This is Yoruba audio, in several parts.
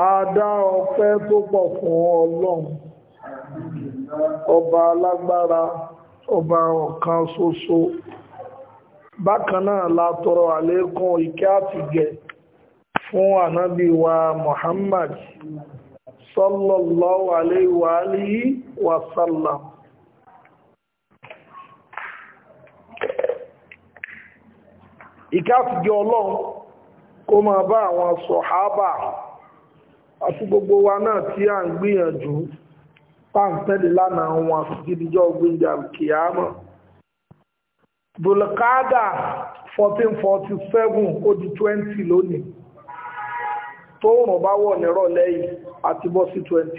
Adá ọpẹ́ tó pọ̀ fún Ọlọ́run, ọba alágbára, ọba ọ̀kan soso Bákan náà la tọrọ àlékún ìkẹ́ àtìgẹ̀ fún ànábì wa Muhammad sallallahu alayhi wa alihi wa sallam. Ìkẹ́ àtìgẹ̀ Ọlọ́run kó máa bá àwọn sọ̀hábà. So àti gbogbo wa náà tí a ń gbìyànjú pàǹtẹ́lì lánàá wọn gidijọ́ gbíjà kìámọ̀ dùlùkádà 1447 ó 20 lónìí tó rùn bá wọ̀ nírọ̀lẹ́ yìí àti 21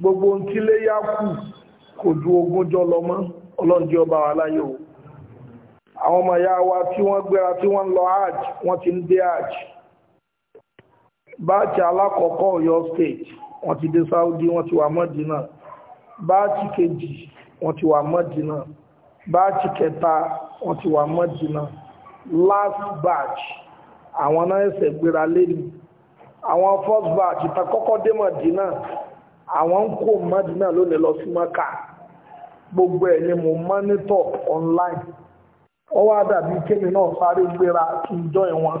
gbogbo ohun tí kù kò ju ogúnjọ́ lọ mọ́ ọlọ́njẹ́ ọba wa láyé o àwọn lọ hajj wọ́n ti ń hajj báàtì alákọ̀ọ́kọ́ Ọ̀yọ́ state wọ́n ti dé Saudi wọ́n ti wà Mọ́dínà báàtì kejì wọ́n ti wà Mọ́dínà báàtì kẹta wọ́n ti wà Mọ́dínà last batch àwọn náà ẹsẹ̀ gbéra lẹ́nu àwọn first batch ta kọ́kọ́ dé Mọ́dínà àwọn ń kó Mọ́dínà lónìí lọ sí Mọ́kà gbogbo ẹ̀ ni mo monitor online ọwọ́ àdàbí kémi náà sáré gbéra kí n join wọn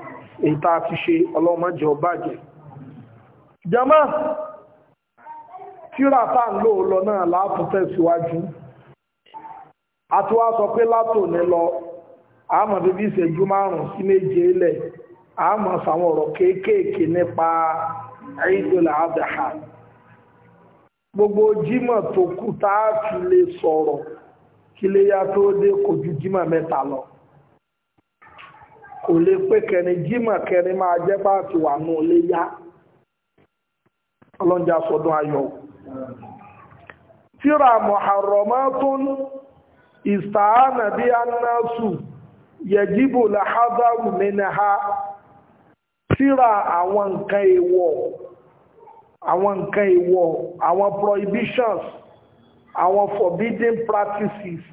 èyí tá a ti ṣe ọlọ́mọdé ọbàjẹ́ jama tíra tá ń lò lọ náà láàtún tẹ̀síwájú a ti wá sọ pé látòní lọ àmọ́ bíbí ìṣẹ́jú márùn-ún sí méje lẹ̀ àmọ́ sàwọn ọ̀rọ̀ kéékèèké nípa Eidul Adha gbogbo jímọ̀ tó kù tá a fi lè sọ̀rọ̀ kí lè yá tó dé kò ju jímọ̀ mẹ́ta lọ ò lè pé kẹrin jímọ̀ kẹrin máa jẹ́ bá ti wà nù lé yá ọlọ́njà sọdún ayọ̀ tíra muharramatun ìsàánà bí anásù yẹjíbò làhádàrù mẹ́nàá tíra àwọn nǹkan èèwọ̀ àwọn nǹkan èèwọ̀ àwọn prohibitions àwọn forbidden practices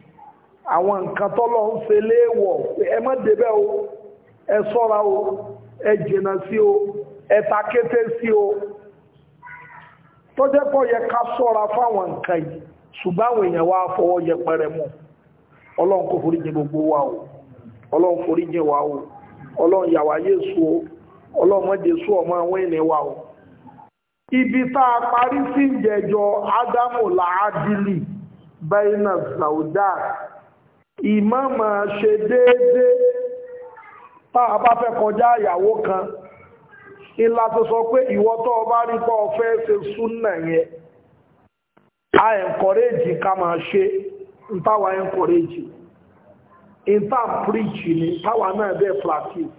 àwọn nǹkan tọ́lọ́ ń ṣe léèwọ̀ ẹ má débẹ̀ o ẹ sọ́ra o ẹ jìnà sí o ẹ ta kété sí o tó jẹ́ pọ̀ yẹ ká sọ́ra fáwọn nǹkan yìí ṣùgbọ́n àwọn èèyàn wá fọwọ́ mú ọlọ́run kò forí jẹ gbogbo wa o ọlọ́run forí jẹ wa o ọlọ́run yàwá yéṣu o ọlọ́run mọ́jẹ sú ọmọ àwọn ènìyàn wa o ibi tá a parí sí ìjẹjọ ádámù làádìlì bẹ́ẹ̀nà sàúdà ṣe déédéé táà bá fẹ́ kọjá ìyàwó kan ìlà tó sọ pé ìwọ tó o bá rí pé ṣe súnà yẹn a encourage ká máa ṣe ntawa encourage nta preach ni ntáwa náà bẹ́ẹ̀ practice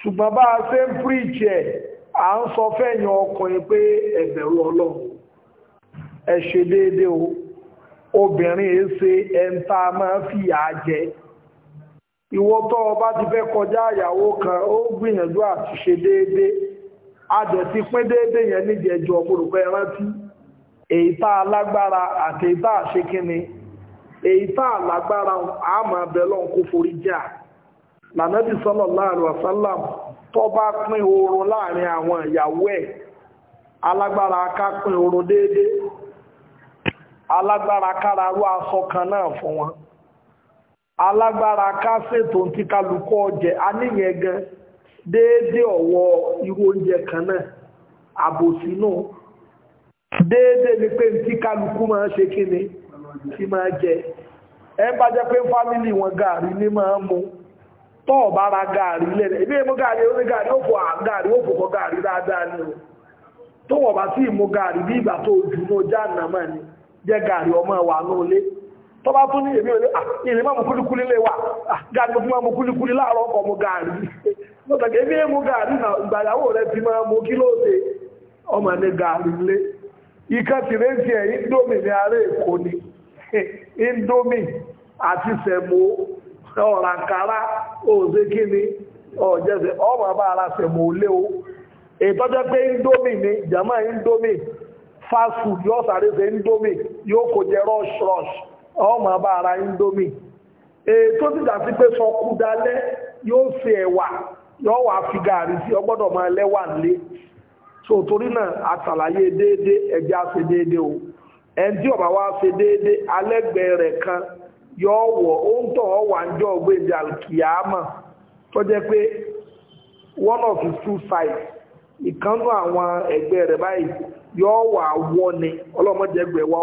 ṣùgbọ́n bá a ṣe ń preach ẹ̀ à ń sọ fẹ́yìn ọkùnrin pé ẹ bẹ̀rù Ọlọ́run ẹ ṣe déédéé o obìnrin ṣe máa fìyà ìwọ ọba ti fẹ́ kọjá àyàwó kan ó gbìyànjú àti ṣe déédé adẹ̀ ti pín déédé yẹn níjẹjọ ọmọlùpẹ́ rántí èyí tá a lágbára àti èyí tá a ṣe kíni èyí tá a lágbára àmà abẹ́lọ́n kó forí jà lànàbí sallallahu alaihi wasallam tó bá pín oorun láàrin àwọn ìyàwó ẹ̀ alágbára ká pín oorun déédé alágbára kára rú aṣọ kan náà fún wọn. alágbára ká ṣètò tí kálukú a gan déédé ọ̀wọ́ irú oúnjẹ kan náà àbòsí náà déédé ni pé tí kálukú máa ṣe kí ni tí máa jẹ ẹ bá jẹ pé ni máa mú tọ́ ọ̀bá ra gàrí lẹ́nu ibi ìmú gàrí ó ní gàrí ó fò gàrí ó fò kọ́ dáadáa ni o tó wọ̀ bá sí ìmú bí ìgbà tó ọmọ ẹ̀wà náà tó bá tún ní èmi ò lè ah, máa mú kúlíkúlí lè wà ah, gáàrí mo fi máa mú kúlíkúlí ọkọ̀ mú gáàrí lọ́tàkì èmi mú gáàrí ìgbàyàwó rẹ̀ ti máa mú kí ọmọ ní gáàrí lé ìka ẹ̀ indomi ní ará èkó ni indomi àti ọ̀rànkárá ọmọ bá ara lé o ìtọ́jẹ́ pé indomi ni jama indomi fásù yóò sàrẹ́sẹ̀ indomi yóò kò rush ọmọ bá ara indomi ètò ti dàbí pé sọkú dalẹ́ yóò ṣe ẹ̀wà yóò wà fi gààrí sí ọgbọ́dọ̀ ma lẹ́wà nílé so torí náà àtàlàyé déédé ẹ̀jẹ̀ á ṣe déédé o ẹni tí ọba wa ṣe déédé alẹ́gbẹ̀ẹ́ rẹ̀ kan yóò wọ̀ ó ń ọ wà ń jọ ògbéǹde tó jẹ́ pé one of two sides àwọn ẹgbẹ́ rẹ̀ báyìí yóò wà ni ọlọ́mọdé ẹgbẹ́ wa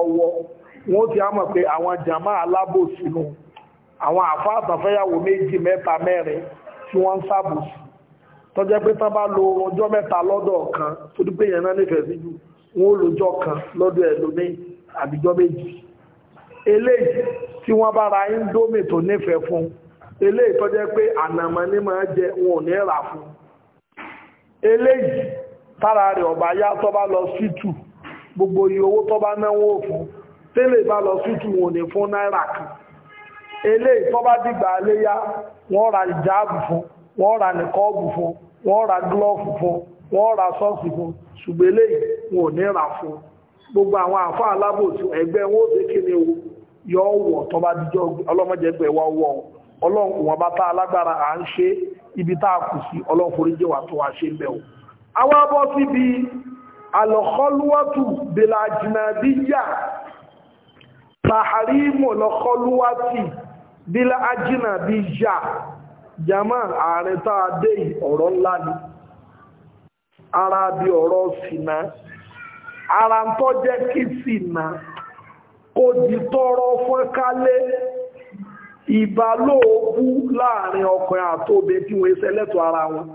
wọ́n ti á mọ̀ pé àwọn jàmá alábòsí nù àwọn àfáà àtàfẹ́yàwó méjì mẹ́ta mẹ́rin tí wọ́n ń sábòsí tó jẹ́ pé tán bá lo ọjọ́ mẹ́ta lọ́dọ̀ kan tó dúpé yẹn náà nífẹ̀ẹ́ sí jù wọ́n ó lójọ́ kan lọ́dọ̀ ẹ̀ lómi àbíjọ́ méjì eléyìí tí wọ́n bá ra índómì tó nífẹ̀ẹ́ fún eléyìí tó jẹ́ pé ànàmọ́ ní máa jẹ wọn ò ní rà fún eléyìí tára rẹ̀ ọ̀bá yá tó bá lọ sí tù gbogbo iye owó tó bá náwó fún tẹ́lẹ̀ bá lọ sútù wọn ní fún náírà kan eléyìí tó bá dìgbà léyá wọ́n ra ìjáàbù fún wọ́n ra nìkọ́ọ̀bù fún wọ́n ra gílọ́ọ̀fù fún wọ́n ra sọ́ọ̀sì fún ṣùgbọ́n eléyìí wọn ò ní rà fún gbogbo àwọn àfáà alábòsí ẹgbẹ́ wọn ó ṣe kí ni o yọ wọ̀ tó bá dijọ́ ọlọ́mọdé ẹgbẹ́ wa wọ̀ ọlọ́run kò wọ́n bá tá alágbára à ń ṣe ibi tá a kù sí ọlọ́run forí jẹ́ wà tó wá ṣe ń bẹ̀ o. àwọn abọ́ síbi àlọ́kọ́lùwọ́tù bèlà jìnnà tàhàrímù lọ́kọ́lúwátì bílá ájínà bí yà jama ààrẹ táa dé ọ̀rọ̀ ńlá ni ara bí ọ̀rọ̀ sínà ara ń tọ́ jẹ́ kí sínà kò di tọrọ fọ́nkálé ìbálòóbú láàrin ọkùnrin àtóbe tí wọ́n ṣẹlẹ́tọ̀ ara wọn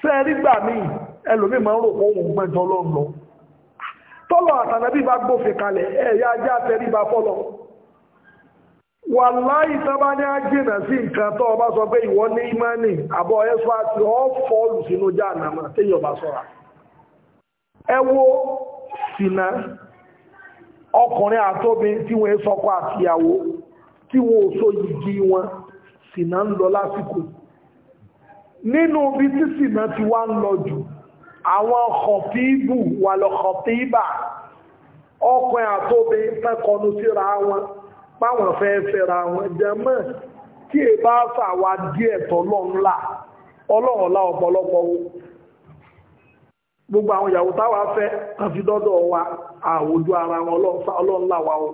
fẹ́ẹ́ míì ẹlòmíì máa ń rò òun tọ́lọ̀ àtànàbí bá gbófin kalẹ̀ ẹ̀yà ajá tẹríba fọ́lọ̀ wà láì sábà ní ajínà sí nǹkan tó ọba sọ pé ìwọ ní imani àbọ̀ ẹ̀fọ́ ọ ọ́fọ́ọ̀lù sínú jáànàmà téyàn ọba sọ́ra ẹ wo sínà ọkùnrin àtóbi tí wọ́n sọkọ àtìyàwó tí wọ́n so yìí wọn sínà ń lọ lásìkò nínú ibi tí sínà ti wá ń lọ jù àwọn kọ̀tíìbù wà lọ kọ̀tíìbà ọkùnrin àtóbi fẹ́kọ̀ọ́nù síra wọn páwọn fẹ́ fẹ́ra wọn jẹ́mọ́ tí è bá fàwà díẹ̀ tọ́lọ́ńlá ọlọ́ọ̀lá ọ̀pọ̀lọpọ̀ gbogbo àwọn ìyàwó táwa fẹ́ kan dọ́dọ̀ wa àwòjú ara wọn ọlọ́ńlá wa o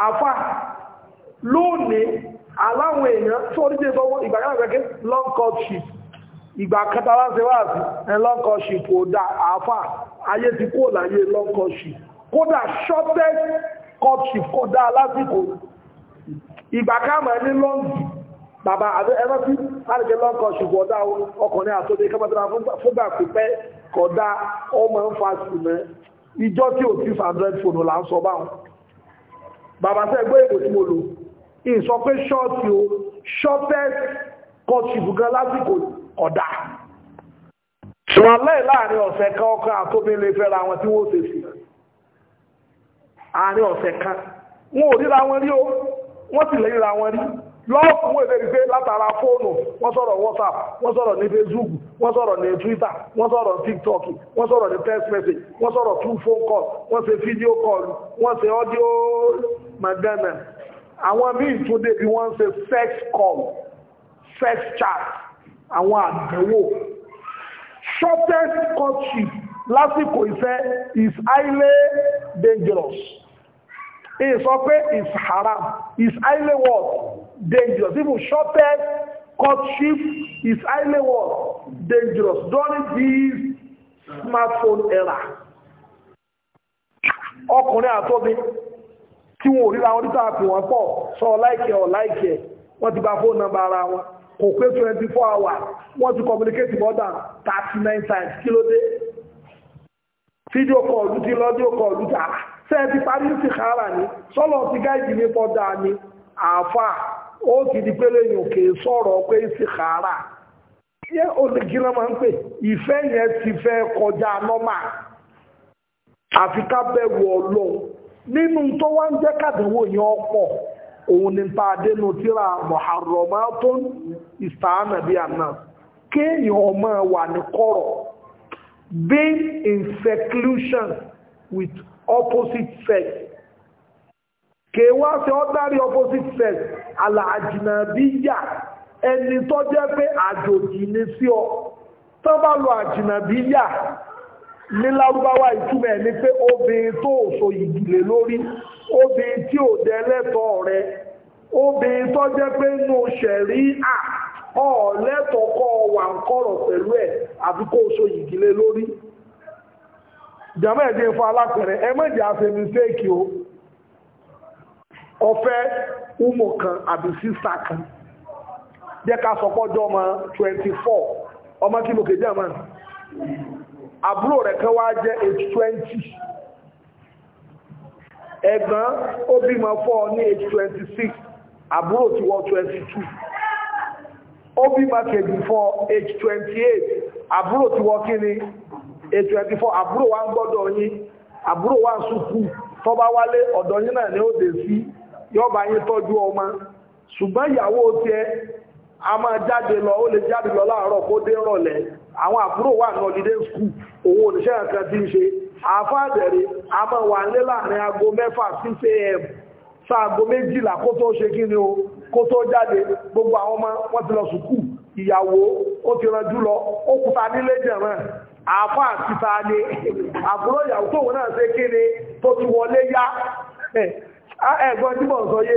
àáfà lónìí aláwọn èèyàn tó rí jẹ́ sọ́wọ́ ìgbàgbọ́ long courtship ìgbà kẹta wá sí wáàsí ẹ lọ́kọ̀ọ́ṣìp ò dá àáfà ayé ti kó láyé lọ́kọ̀ọ́ṣìp kódà shortest courtship kódà lásìkò ìgbà káàmà ní lọ́ngì bàbá ẹ̀rọ sí àrẹ́kẹ́ lọ́kọ̀ọ́ṣìp ọ̀dá ọkùnrin àtọ́dé kẹ́mọ́tàrà fúgbà pípẹ́ kódà ọmọ ń fa sùmẹ́ ìjọ tí ò tí fàndrẹ́d fònù là ń sọ báwọn bàbá sẹ́gbẹ́ èkó tí mo lò ìsọ pé ṣọ́ọ̀tì o shortest kọ́ọ̀ṣìpù gan lásìkò ọ̀dà ṣùgbọ́n lẹ́yìn láàrin ọ̀sẹ̀ kan ọkọ àtóbi lè fẹ́ra wọn tí wọ́n tèsì àárín ọ̀sẹ̀ kan wọn ò ríra wọn rí o wọ́n sì lẹ́yìn ra wọn rí lọ́ọ̀kùn èdè rí pé látara fóònù wọ́n sọ̀rọ̀ whatsapp wọ́n sọ̀rọ̀ ní facebook wọ́n sọ̀rọ̀ ní twitter wọ́n sọ̀rọ̀ tiktok wọ́n sọ̀rọ̀ ní text message wọ́n sọ̀rọ̀ through phone call wọ́n ṣe video call wọ́n ṣe audio madana àwọn míì tún débi wọ́n ṣe sex call stress chart àwọn àdánwò shortest courtship lásìkò ìfẹ́ is highly dangerous ìsọ pé is haram is highly what dangerous even shortest courtship is highly what dangerous during this smartphone era ọkùnrin àtọ́bí tí wọn ò ríra wọn títà pè wọ́n pọ̀ sọ ọláìkẹ́ ọláìkẹ́ wọ́n ti bá fóònù nọ́mbà ara wọn kò pé 24 hours wọ́n ti communicate more than 39 times kí ló dé fídíò kọ̀ọ̀lù tí lọ́díò kọ̀ọ̀lù tà sẹ́ẹ̀tì parí sí kára ní sọ́lọ̀ ti gáìdì ní fọ́dá ní àáfà ó ti di pé lẹ́yìn òkè sọ̀rọ̀ pé sí kára yẹ olùkíná máa ń pè ìfẹ́ yẹn ti fẹ́ kọjá nọ́mà àfi ká bẹ̀rù ọlọ́run nínú tó wá ń jẹ́ kàdánwò yẹn ọ̀pọ̀ òun ni ta dénú tíra muharramatun istahana bí àná kéèyàn ọmọ wà ní kọ̀rọ̀ being in seclusion with opposite sex kèwá sí ọ́dárí opposite sex àlàjìnàbíyà ẹni tó jẹ́ pé àjòjì ni sí ọ tó bá lo àjìnàbíyà ní lárúbáwá ìtumọ̀ ẹ̀ ni pé obìnrin tó òṣò ìdílé lórí obìnrin tí ò jẹ́ lẹ́tọ̀ọ́ rẹ obìnrin tó jẹ́ pé nù ṣẹ̀rí à ọ lẹ́tọ̀ọ́ wà ń kọ̀rọ̀ pẹ̀lú ẹ̀ àbí kó so lórí jàmọ́ ẹ̀dẹ́ fún alápẹ̀rẹ̀ ẹ má jẹ́ àfẹ́ o ọ̀fẹ́ umu kan àbí sísà kan jẹ́ ká sọ pọ́jọ́ ọmọ 24 ọmọ kí lókè àbúrò rẹ̀ kan wá jẹ́ 820 ẹ̀gbọ́n ó bímọ fọ́ ní age twenty six àbúrò ti wọ twenty two ó bímọ age twenty eight àbúrò ti wọ kí age àbúrò wa ń gbọ́dọ̀ yín àbúrò wa ń sùkú tọ́ba wálé ọ̀dọ̀ náà ni ó sí yọba yín tọ́jú ọmọ ṣùgbọ́n ìyàwó tiẹ̀ a máa jáde lọ ó lè jáde lọ láàárọ̀ kó dé rọ̀lẹ́ àwọn àbúrò wà ń àáfà àdẹ̀rẹ̀ a máa wà ní láàrin aago mẹ́fà 6 a.m. sáàgó méjìlá kó tó ṣe kí o kó tó jáde gbogbo àwọn ọmọ wọn ti lọ sùkú ìyàwó ó ti rànjú lọ ó kúta nílé jẹ̀rán àti ni àbúrò ìyàwó tóun náà ṣe kí ni tó ti wọlé yá ẹ̀gbọ́n tí sọ yé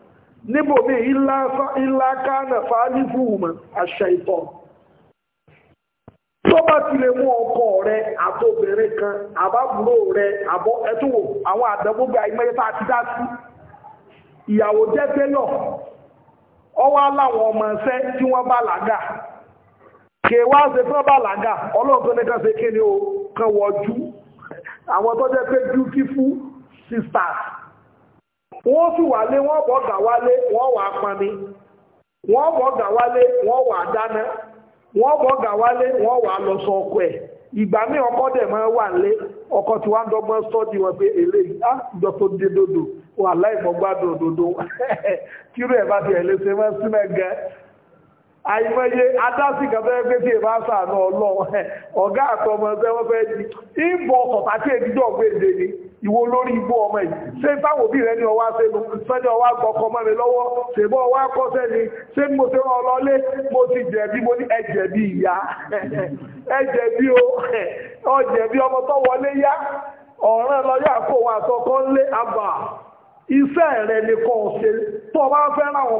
níbò mí ilá kánà fàálífù mọ̀ àṣà ìtọ̀ tó bá ti lè mú ọkọ rẹ àtòbìnrin kan àbábúrò rẹ àbọ ẹtùwò àwọn àdàgbógbé àìmọyẹta àti dásí ìyàwó jẹ́ tẹ́lọ̀ ọwọ́ aláwọn ọmọ ẹsẹ́ tí wọ́n bá làgà kèwà ṣe tí wọ́n bá làgà ọlọ́ọ̀tọ́ ní kàṣe kí ni ó kan wọ́jú àwọn tó jẹ́ pé beautiful sisters wọ́n sì wálé wọ́n bọ̀ gà wálé wọ́n wà pami wọ́n bọ̀ gà wálé wọ́n wà dáná wọ́n bọ̀ gà wálé wọ́n wà lọ sọ ọkọ ẹ̀ ìgbà míì ọkọ dẹ̀ máa wà lé ọkọ tí wọ́n dọ́gbọ́n sọ́ọ̀dì wọn pé eléyìí á ah, ìjọ tó dé dodo wà láì mọ́gbádùn òdodo tírú ẹ̀ bá ti ẹ̀ lé ṣe máa ń sílẹ̀ gan àìmọye adásí kan fẹ́ tí èbá sàánú ọlọ́run ọ̀gá àtọmọ ẹgbẹ́ ji fẹ́ di ìbọn ọ̀tọ̀tà tí èdìjọ́ gbèdè ni ìwo lórí ibú ọmọ yìí ṣé táwọn òbí rẹ ní ọwá ọwá ọwá mo ṣe rán mo ti mo ní ìyá o ọmọ tó wọlé yá ọ̀ràn lọ́yọ́ àpò wa àbà iṣẹ́ rẹ ni ṣe tó o bá fẹ́ràn àwọn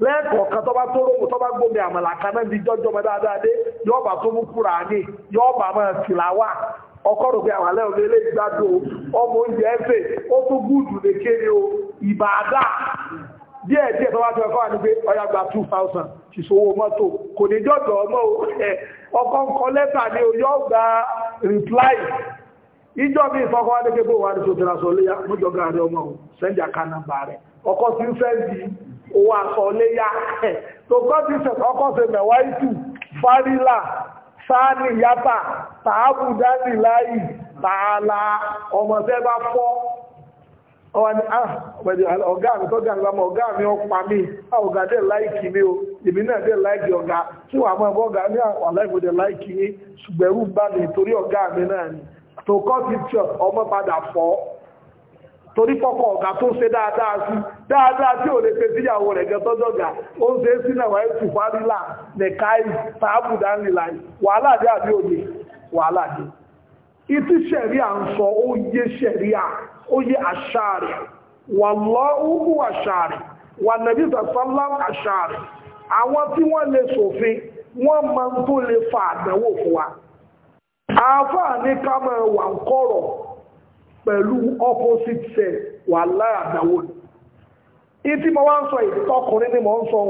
lẹ́ẹ̀kọ̀ọ̀kan tó bá tó rókù tó bá àmàlà kan náà di jọ́jọ́ mọ́ dáadáa dé yóò tó mú kúrà ní yóò bá máa tìlàwà ọkọ̀ rò pé àwọn òní ilé ìgbádùn ọmọ oúnjẹ ẹ̀fẹ̀ ó tún gúùdù lè kéré o ìbàdà díẹ̀ díẹ̀ tó tó ẹ̀kọ́ wà gba 2000 ti sówó mọ́tò kò ní jọ́jọ́ ọmọ ọkọ̀ ń lẹ́tà o yóò gba reply ìjọ mi wá ní wà ní sọ ọmọ owó aṣọ léyà tó kọ́ ti ọkọ̀ ṣe mẹ̀wá ìtù fárílà sáàni yàtà tààbù dání láì tààlà ọmọdé bá fọ́ ah, ọ̀gá mi tó gàn lọ́mọ ọ̀gá mi ọ̀pá mi ah, ọ̀gá dẹ̀ láìkì mi o èmi náà dẹ̀ láìkì ọ̀gá tí wàá mọ̀ ọ̀gá ní àwọn aláìkò ah, dẹ̀ láìkì yín ṣùgbẹ́rù bá mi torí ọ̀gá mi náà ni tó kọ́ ti tí ọmọ padà fọ́ torí pọ́pọ̀ ọ̀gá tó ṣe dáadáa sí dáadáa tí ò lè pe síyàwó rẹ̀ gẹ́ tọ́jọ́gà ó ń ṣe é sínà wáyé tùfárílà nẹ̀káì tààbùdá nílà wàhálà dé àbí òye wàhálà dé ìtí ṣẹ̀rí à ń sọ ó yé ṣẹ̀rí à ó yé àṣàrí wà lọ́wọ́ àṣàrí wà nàbí sàfàlá àṣàrí àwọn tí pẹ̀lú opposite sex wà láàdáwò ní ìtí mo wá ń sọ ìtọ́kùnrin ni ń sọ o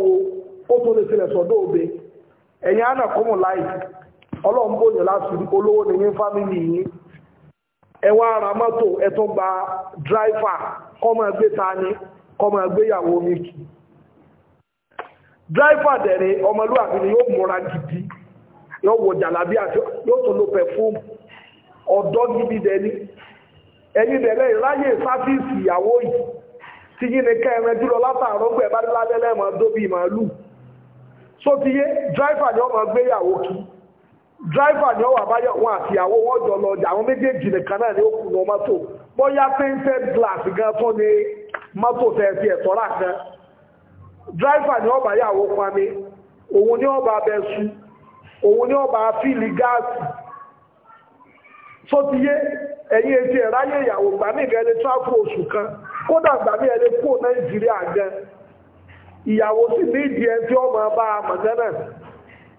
ó tó lè sílẹ̀ sọ́dọ̀ òbe ẹ̀yìn àná kó mọ̀ láì láti olówó ní yín fámìlì yín gba dráìfà kọ́mọ ẹgbẹ́ ta ni kọ́mọ mi kì dráìfà gidi yóò jàlábí àti yóò lo gidi dẹ̀ ẹ̀yin dẹ̀lẹ́ ìráyè sáfíìsì ìyàwó yìí tí yí ni kẹrin jùlọ látàárọ̀ pẹ̀ bá lálẹ́lẹ́ mọ́ dóbi màálù só ti yé dráìfà ni wọ́n máa gbé ìyàwó kí dráìfà ni wọ́n wà bá àti ìyàwó wọn jọ lọ àwọn méjèèjì nìkan náà ni ó kù ní mọ́tò bóyá ni mọ́tò bá òun ni wọ́n bá su ni wọ́n bá tó ẹ̀yìn etí ẹ̀rá ìyàwó gbà tráfù kan kódà gbà ní ẹni kó nàìjíríà gan ìyàwó sì ní ìdí tí ọmọ bá mọ̀tẹ́nà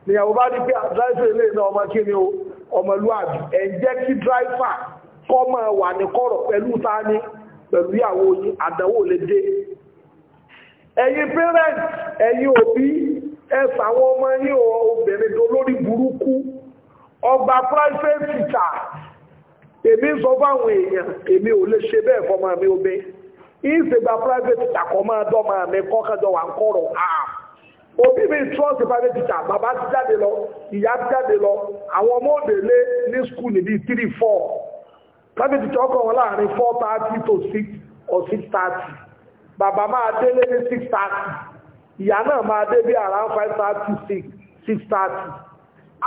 ìyàwó bá ní pé àdáṣe ilé ọmọ kí ni o parents òbí ẹ̀sà àwọn ọmọ yìí obìnrin dolórí burúkú ọgbà èmi ń sọ fáwọn èèyàn èmi ò lè ṣe bẹ́ẹ̀ fọmọ mi omi ìṣègbà private teacher kọ́ máa dọ́ máa mi kọ́kàndọ̀ wà ń kọ̀rọ̀ àà òbí mi trust private teacher bàbá ti jáde lọ ìyá ti jáde lọ àwọn ọmọ òde lé ní school níbi three four private teacher ọkọ̀ wọn láàrin four thirty to six or six thirty bàbá máa délé ní six thirty ìyá náà máa dé bí around five thirty six six thirty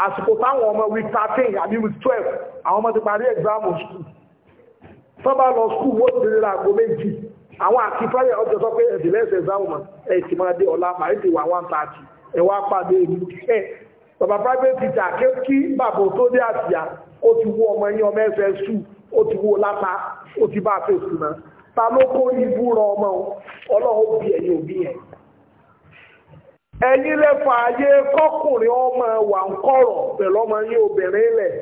àsìkò táwọn ọmọ week thirteen àbí week twelve àwọn ọmọ ti parí exam school tó bá lọ school wọ́n ti rírà àgbo méjì àwọn àti fẹ́rẹ̀ ọjọ́ sọ pé ẹ̀sìn lẹ́sẹ̀ exam mọ̀ ẹ̀ ti máa dé ọ̀la màá ti wà one thirty ẹ̀ wá pàdé ìlú ẹ̀ bàbá private teacher ké kí bàbá tó dé àtìyà ẹ̀yin lẹ́fọ̀ ayé kọkùnrin ọmọ wà ń ọmọ yín obìnrin lẹ̀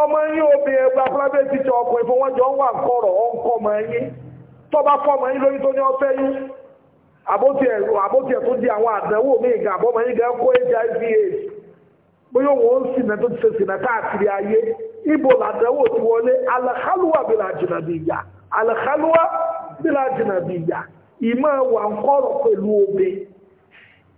ọmọ yín obìnrin ẹgbẹ́ afúlábẹ́ ti jọ ọkùnrin fún wọn jọ ń wà ń ọ ọmọ yín ọmọ yín lóyún tó ní yín àbótí tó di àwọn àdánwò ọmọ yín hiv aids bóyá òun ń tó ti ṣe ibo làdánwò ti wọlé bí làjìnà bí bí làjìnà bí ìmọ̀ wà ń kọ̀rọ̀ pẹ̀lú obìnrin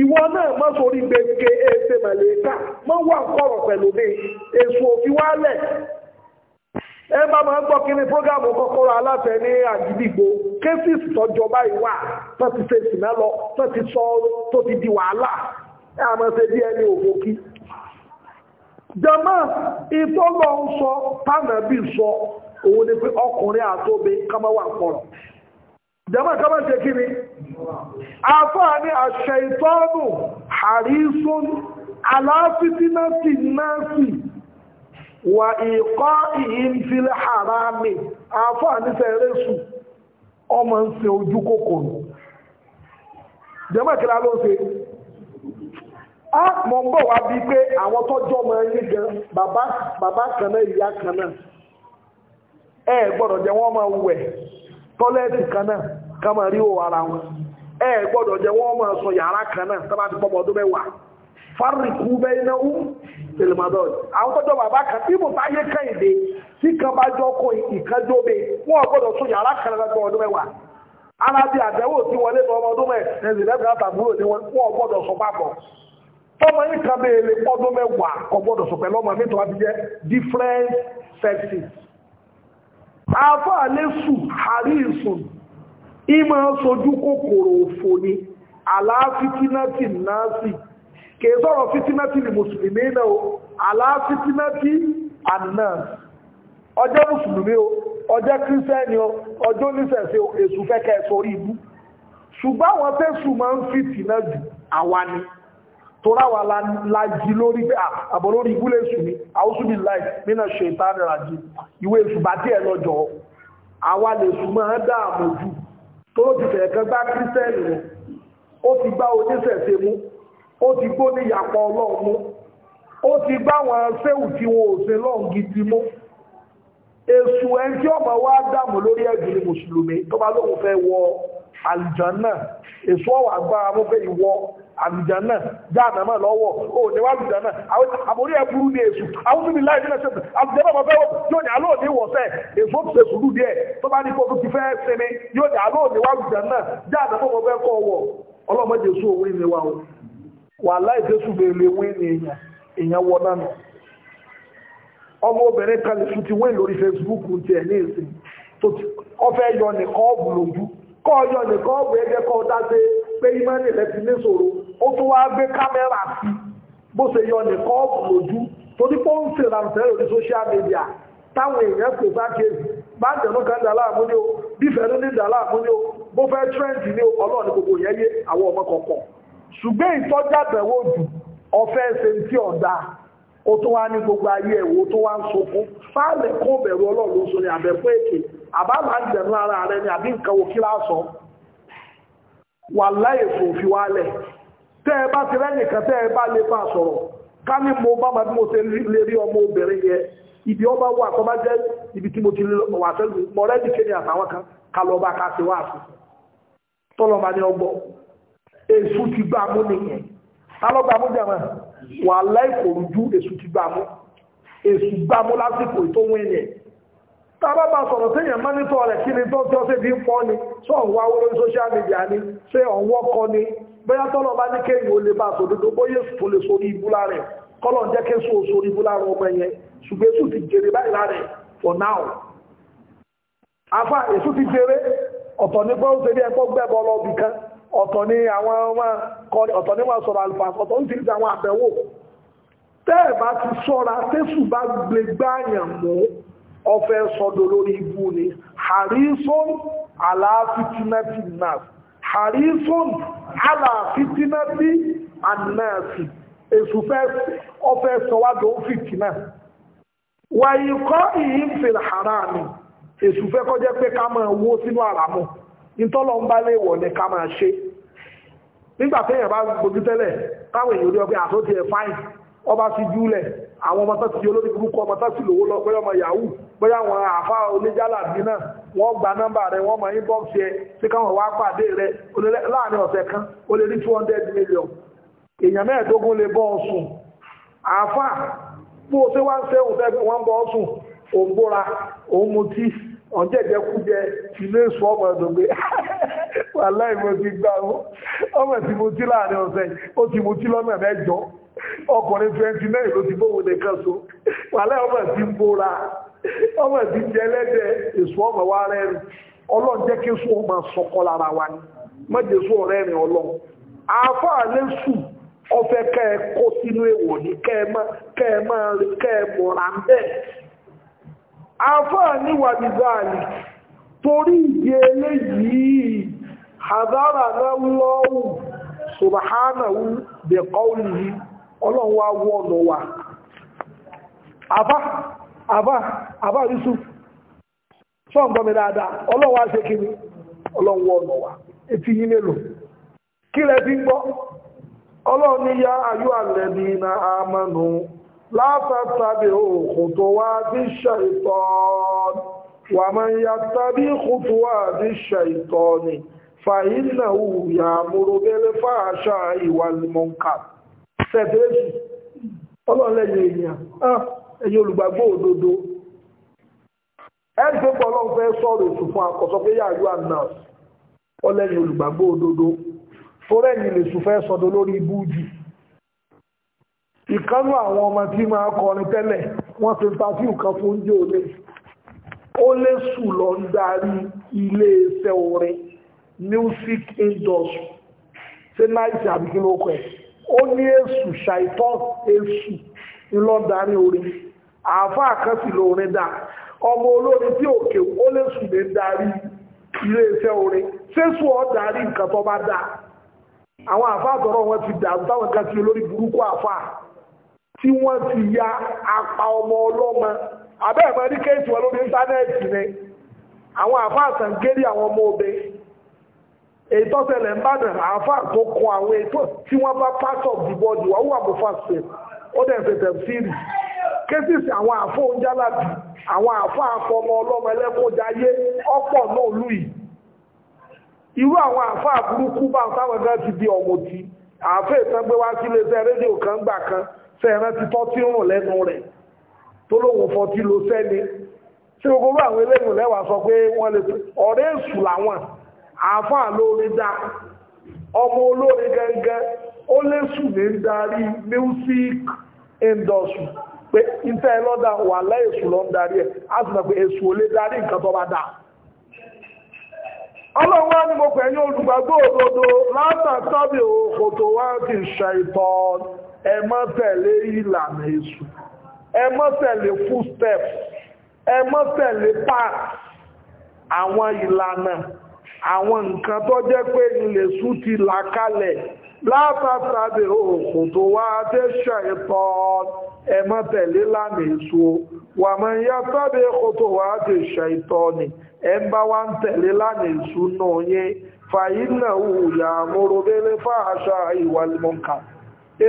ìwọ náà má sórí gbèǹke ẹsẹ màlẹ́kà má wà kọ̀rọ̀ pẹ̀lú mi èso òfin wálẹ̀ ẹ bá máa ń gbọ́ kí ni prógámù kọ́kọ́rọ́ aláfẹ́ ní àgídìgbò kéfìsì tọ́jọba ìwà tó ti ṣe ìsìnà lọ tó ti sọ tó ti di wàhálà ẹ àmọ́ ṣe bí ẹni òfòkí jama ìtọ́lọ́ ń sọ tánàbí sọ òun ni pé ọkùnrin àtóbe ká má wà kọ̀rọ̀ nke kiri afọ a ni afọ́à ní àṣẹ ìtọ́nù àríṣún aláfitínátì náàsì wà ìkọ́ ìhìnfilẹ̀ àrámi afọ́à ní sẹ́rẹ́sù ọmọ ń ṣe ojú kòkòrò jẹ́mọ̀ kílá ló ṣe a mọ̀ ń bọ̀ wá bí pé àwọn tọ́jọ́ mọ̀ ń yí gan bàbá kan náà ìyá kan náà ẹ e, gbọ́dọ̀ jẹ́ wọ́n máa wù tọ́lẹ́ẹ̀tì kan náà ká máa rí òwò ara wọn ẹ gbọ́dọ̀ jẹ́ wọ́n máa sọ yàrá kan náà tábà ti pọ́mọ ọdún mẹ́wàá fárikú bẹ́ẹ̀ náà tẹlẹmọdọ́ọ̀dì àwọn tọ́jọ́ bàbá kan tí mo bá yé kẹ́hìndé tí kan bá jọ kó ìkánjóbe wọ́n gbọ́dọ̀ sọ yàrá kan náà pọ́mọ ọdún mẹ́wàá alábi àdẹ́wò tí wọlé lọ ọmọ ọdún mẹ́rin ni wọ́n gbọ́dọ̀ sọ papọ̀ tọ́mọ yìí kan bèèrè pọ́dún mẹ́wàá kò gbọ́dọ̀ sọ pẹ̀lú ọmọ mi tó wá ti jẹ́ different sexes afọ àlésù àríìsùn ime sojú kòkòrò òfò ni ala náàsì nazi sọ̀rọ̀ fitínátì ni musulmi náà o ala àná ọjọ́ mùsùlùmí o ọjọ́ kírísẹ́ni o ọjọ́ oníṣẹ̀ṣe èṣù fẹ́kẹ́ sórí ibú ṣùgbọ́n àwọn tẹ́sù máa ń ni. torá wà lájí lórí pé ah, àbọ̀ lórí ìgúlé èṣù ni àwọ́sùnmí láì nínà ṣe ìtàrí àjí ìwé èṣù bá tí ẹ lọ́jọ́ àwa lè súnmọ́ dáàmù jù tó ti fẹ̀ kan gbá kírísẹ́ẹ̀lì rẹ̀ ó ti gbá oníṣẹ̀ṣe mú ó ti gbó ní ìyàpọ̀ ọlọ́run mú ó ti gbá wọn séwù tí wọn ò sin lọ́run gidi mú èṣù ẹni tí ọmọ wa dààmú lórí ẹ̀jù ni mùsùlùmí tó bá lóun fẹ́ wọ àlùjánnà èṣù ọ̀wà agbára mú fẹ́ ìwọ àlùjánnà jáàmà lọ́wọ́ ò níwá àlùjánnà àbórí ẹ̀kúrú ní èṣù àwọn tóbi láì nílẹ̀ yóò ní alóò ní wọ̀sẹ̀ èso ṣe sùúrù díẹ̀ tó bá ní kó ti fẹ́ sinmi yóò ní alóò ni wa o wà láì jésù wé ni èèyàn èèyàn wọ ọmọ obìnrin kan lè wé lórí ní ìsìn kọ́ nìkan ẹgbẹ́ dá sí pé ìmọ̀ nílẹ̀ ó tún wá gbé kámẹ́rà sí bó ṣe yọ nìkan ọ̀pọ̀ lójú torí pé ó ń lórí social media táwọn èèyàn pè bá kéèsì bá ń tẹ̀nú kan dàlá o bí fẹ́lú ní dàlá o bó fẹ́ trend o gbogbo yẹn yé àwọn ọmọ kọ̀ọ̀kan jù ṣe tí ọ̀dà ó tún wá ní gbogbo ayé tó wá ń fáàlẹ̀ kún bẹ̀rù àbẹ̀fọ́ àbámà ń ni àbí nǹkan sọ tẹ́ bá ti rẹ́yìn kan ẹ bá lè bá sọ̀rọ̀ ká ní mo bá máa bí mo ṣe lè rí ọmọ obìnrin yẹ ibi ọba wà tó bá jẹ́ ibi tí mo ti wà sẹ́lú mọ̀rẹ́dì kéde àtàwọn kan ká lọ bá ká wá ní ọgbọ́ ti gbà mú nìyẹn mú wà ti gbà mú gbà mú lásìkò bá sọ̀rọ̀ rẹ̀ kí ni tó tí bóyá tọ́lọ̀ bá ní kéyìn ó lè bá sòdodo bóyá tó lè sórí ibú lárẹ̀ kọ́lọ̀ jẹ́ ké sóò sórí ibú lárẹ̀ ọmọ yẹn ṣùgbọ́n èsù ti jèrè báyìí lárẹ̀ for now afa èsù ti jèrè ọ̀tọ̀ ní pé ó ṣe bí ẹ̀kọ́ gbẹ́bọ lọ bì kan ọ̀tọ̀ ní àwọn ọmọ kọrin ọ̀tọ̀ ní wọn sọ̀rọ̀ àlùfàṣọ ọ̀tọ̀ ń ti rí àwọn àbẹ̀wò tẹ́ẹ̀bá ti sọ́ra tẹ́sù bá gbé gbáyàn mú ọfẹ́ sọ́dọ̀ lórí ibú ni àrísọ́ harisun aláfitinati anasi èsù ọfẹ́ sọwádọ̀ fìtínà wàyí kọ́ ìyí ń fèrè harami èsù fẹ́ kọjá pé ká máa wó sínú àràmù ìtọ́lọ kama bá lè wọ̀ ní ká máa ṣe nígbà téèyàn bá gbójú tẹ́lẹ̀ táwọn èèyàn rí ọgbẹ́ àwọn ọmọ tó ti olórí burúkú ọmọ tó ti lówó lọ bóyá ọmọ yahoo bóyá àwọn àfa oníjàlá bí náà wọ́n gba nọ́mbà rẹ̀ wọ́n mọ inbox yẹ sí káwọn wá pàdé rẹ̀ láàrin ọ̀sẹ̀ kan ó lè rí two hundred million èèyàn mẹ́ẹ̀ẹ́dógún lè bọ́ ọ̀sùn àfa bó o ṣe wá ń ṣe fẹ́ wọ́n bọ́ ọ̀sùn òun bóra òun mutí ọ̀jẹ̀jẹ̀kújẹ ilé ìṣọ́ ọmọ ẹ̀dọ̀gbé wàláì mo ti gbà ọmọ ti mutí láàrin ọ̀sẹ̀ ó ti mutí lọ́nà mẹ́jọ ọkùnrin twenty nine ló ti bóun nìkan so wàhálà ọmọ ti bóra ọmọ ti jẹ lẹ́dẹ̀ èso ọmọ wa rẹ́rìn ọlọ́run jẹ́ kí ọmọ sọkọ lára wa ni mọ́jẹ̀ èso rẹ́rìn afọ àáfàá lẹ́sù ẹ kó sínú ẹ hadara náà lọ́wọ́ ọlọ́run wá wọ́ ọ̀nà wa àbá àbá àbá yusuf sọ́n gbọ́ mi dáadáa ọlọ́run wá ṣe kí ni ọlọ́run wọ́ ọ̀nà wa etí yín mélòó kí lẹ fi ń gbọ́ ọlọ́run ní yá ayú àlẹ́bí na àmọ́nù látàtàbí òkú tó wá bí ṣàìtọ́n wà máa ń ya tàbí òkú tó wá bí ṣàìtọ́n ni fàyínà wù yà múrò bẹ́lẹ́ fáàṣà ìwà lìmọ̀ǹkàtì fẹ̀bẹ̀ẹ́jì ọlọ́lẹ́yìn èèyàn ah, ẹ̀yin olùgbàgbọ́ sọ̀rọ̀ fún akọ̀sọ́ pé àná ọlẹ́yìn lè sùn fẹ́ lórí ìkánú àwọn ọmọ tí máa kọrin tẹ́lẹ̀ wọ́n ti ta fún oúnjẹ òde ó sùn lọ ń darí orin music industry ṣé náà ó ní èsù ṣàìtọ́ èsù ńlọ́darí orin àáfáà kan sì ló orin dá ọmọ olórin tí òkè ó lè sùn lè darí ilé iṣẹ́ orin ṣéṣù ọ̀ darí nǹkan tó bá dáa àwọn àáfáà tọ̀rọ̀ wọn ti dà táwọn kan ti olórí burúkú àáfáà tí wọ́n ti ya apá ọmọ ọlọ́mọ abẹ́ẹ̀mọ́ ní kéèsì wọn lórí íńtánẹ́ẹ̀tì ni àwọn àáfáà sàǹgẹ́rì àwọn ọmọ obìnrin èyí tó ṣẹlẹ̀ ń bá dàn àáfà tó kọ àwọn ètò tí wọ́n bá part of the body wọ́n wà bó fast fail ó dẹ̀ ṣe tẹ̀síìrì kéṣìṣì àwọn àfọ oúnjẹ alábì àwọn àfọ àfọmọ ọlọ́mọ ẹlẹ́kọ̀ọ́jà ayé ọ̀pọ̀ náà lù yìí irú àwọn àfọ àbúrúkú bá táwọn ẹgbẹ́ ti di ọ̀mọ̀tì àfọ ìtàgbé wá sí iléeṣẹ́ rédíò kan gbà kan fẹ́ẹ̀rán ti tọ́ tí ń rùn lẹ́nu rẹ̀ tó lóhun fọ́ tí lo sẹ́ni tí gbogbo àwọn eléyìn lẹ́wàá sọ pé wọ́n lè ọ̀rẹ́ èṣù làwọn afọ lórí dá ọmụ olórin gẹ́gẹ́ ó lẹ́sùn ní darí music industry pé ìtẹ́ ẹlọ́dà wà lẹ́ẹ̀sù esu ń darí ẹ̀ á lè darí nǹkan tó bá dáa ọlọ́wọ́ ni mo pẹ̀lú olùgbàgbọ́ òdodo látàtàbí òkòtò wá ti ṣàìtọ́ ẹ má tẹ̀lé ìlànà èṣù ẹ má tẹ̀lé footsteps ẹ má tẹ̀lé path àwọn ìlànà àwọn nǹkan tó jẹ́ pé ilẹ̀ sú ti là kalẹ̀ látàtàbí òkùn tó wá dé ṣẹ̀tọ́ ẹ má tẹ̀lé lánàá èso wà máa yá tàbí òkùn tó wá dé ṣẹ̀tọ́ ni ẹ ń bá wá ń tẹ̀lé lánàá èso náà yẹn fàyínà òòyà àmúrobélé fáàṣà ìwà lẹ́mọ̀ǹkà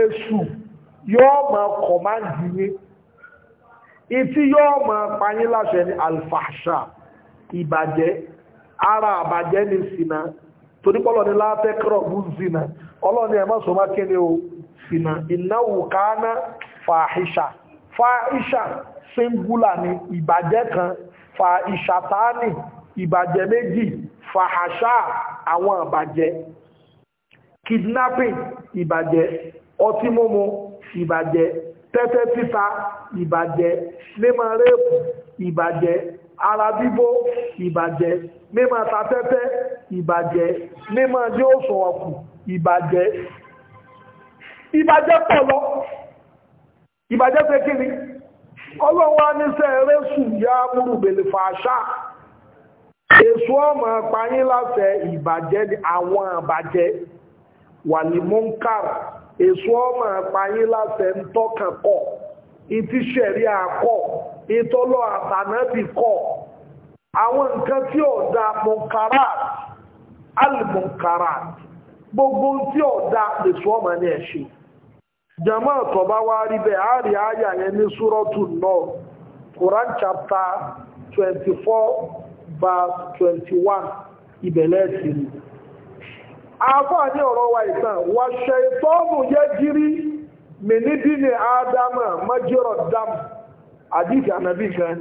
èṣù yóò máa kọ̀máǹdì yín ìtí yóò máa pa láṣẹ ní alfàṣà ìbàjẹ́ ara àbàjẹ́ ni sìnà torí pọ́lọ̀ ní látẹ́kọ̀rọ̀ bú sìnà ọlọ́ni ẹ̀mọ́ sọ má kéde o sìnà ìnáwó káánà fàáhíṣà fàáhíṣà síngúlà ni ìbàjẹ́ kan fàáhíṣà tání ìbàjẹ́ méjì fàáhàṣà àwọn àbàjẹ́ kidnapping ìbàjẹ́ ọtí mímu ìbàjẹ́ tẹ́tẹ́ títa ìbàjẹ́ mímọ rẹ́ẹ̀pù ara bíbó ìbàjẹ́ mímọ̀ tafẹ́fẹ́ ìbàjẹ́ mímọ̀ ní sọ ọkù ìbàjẹ́ ìbàjẹ́ pọ̀ ìbàjẹ́ kí ni ọlọ́wọ́ níṣẹ́ eré sùn yá múrù bèlè fàṣà ọmọ pààyín láṣẹ ìbàjẹ́ àwọn àbàjẹ́ wàlímúnkàr èso ọmọ ń tọ́kàn kọ̀ ìtọ́lọ́ àtànà ti àwọn nǹkan tí ó da gbogbo tí ó da lèṣù ọmọ ní ẹ̀ṣẹ̀ jama tọba wa rí bẹ́ẹ̀ a rí àyà yẹn ní súrọ́tù náà Quran chapter 24 verse 21 ìbẹ̀lẹ̀ ti rí àfáà ní ọ̀rọ̀ wa ìtàn wàṣẹ ìtọ́mù yẹ jírí mìnídìí ní ádámà májírọ̀ dámù àdìsí anabi gan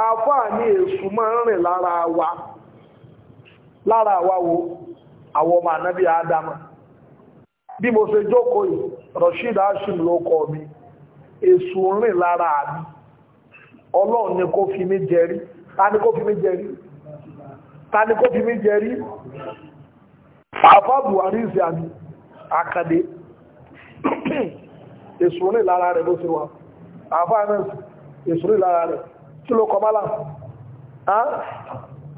àáfàá ní èṣù máa ń rìn lára wa lára wa wo àwọn ọmọ ànábì adama bí mo ṣe jókòó yìí Rashid Hashim ló kọ mi èṣù rìn lára mi ọlọ́run ni kó fi mí jẹrí ta ni kó fi mí jẹrí ta ni kó fi mí jẹrí àáfàá Buhari ìsìn àmì àkàdé èṣù rìn lára rẹ̀ bó ṣe wà fún àfáàní ìsúrí lára rẹ̀ kí ló kọ mọ́lá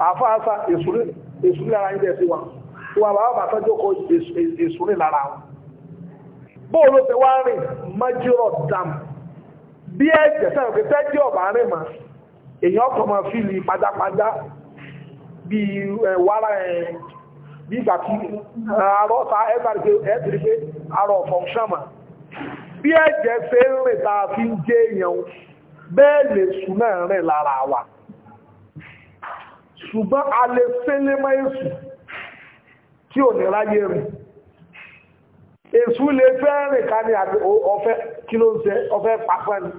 àfáàsá ìsúrí lára ilẹ̀ sí wa wà bàbá bàtà jókòó ìsúrí lára wọn bóòlù ti wá rìn mọ́jírọ̀ dam bí ẹ̀jẹ̀ sẹ́yìn pé tẹ́jì ọ̀bà rìn mà èyàn kọ̀ mọ́ fíìlì pajápajá bí wàrà ẹ̀ bí ìgbà tí àárọ̀ ta ẹ̀ bá rí pé àárọ̀ fọ̀nṣán mà bí ẹ̀jẹ̀ ṣe ń rìn tá a fi ń jẹ́ èèyàn bẹ́ẹ̀ lè sùn náà rìn lára wa ṣùgbọ́n a lè fẹ́lẹ́ mọ́ èṣù tí ò ní ráyé rìn èṣù lè fẹ́ rìn ká ní àti ọ̀fẹ́ kí ló ń ṣe ọ̀fẹ́ pàpẹ́ ni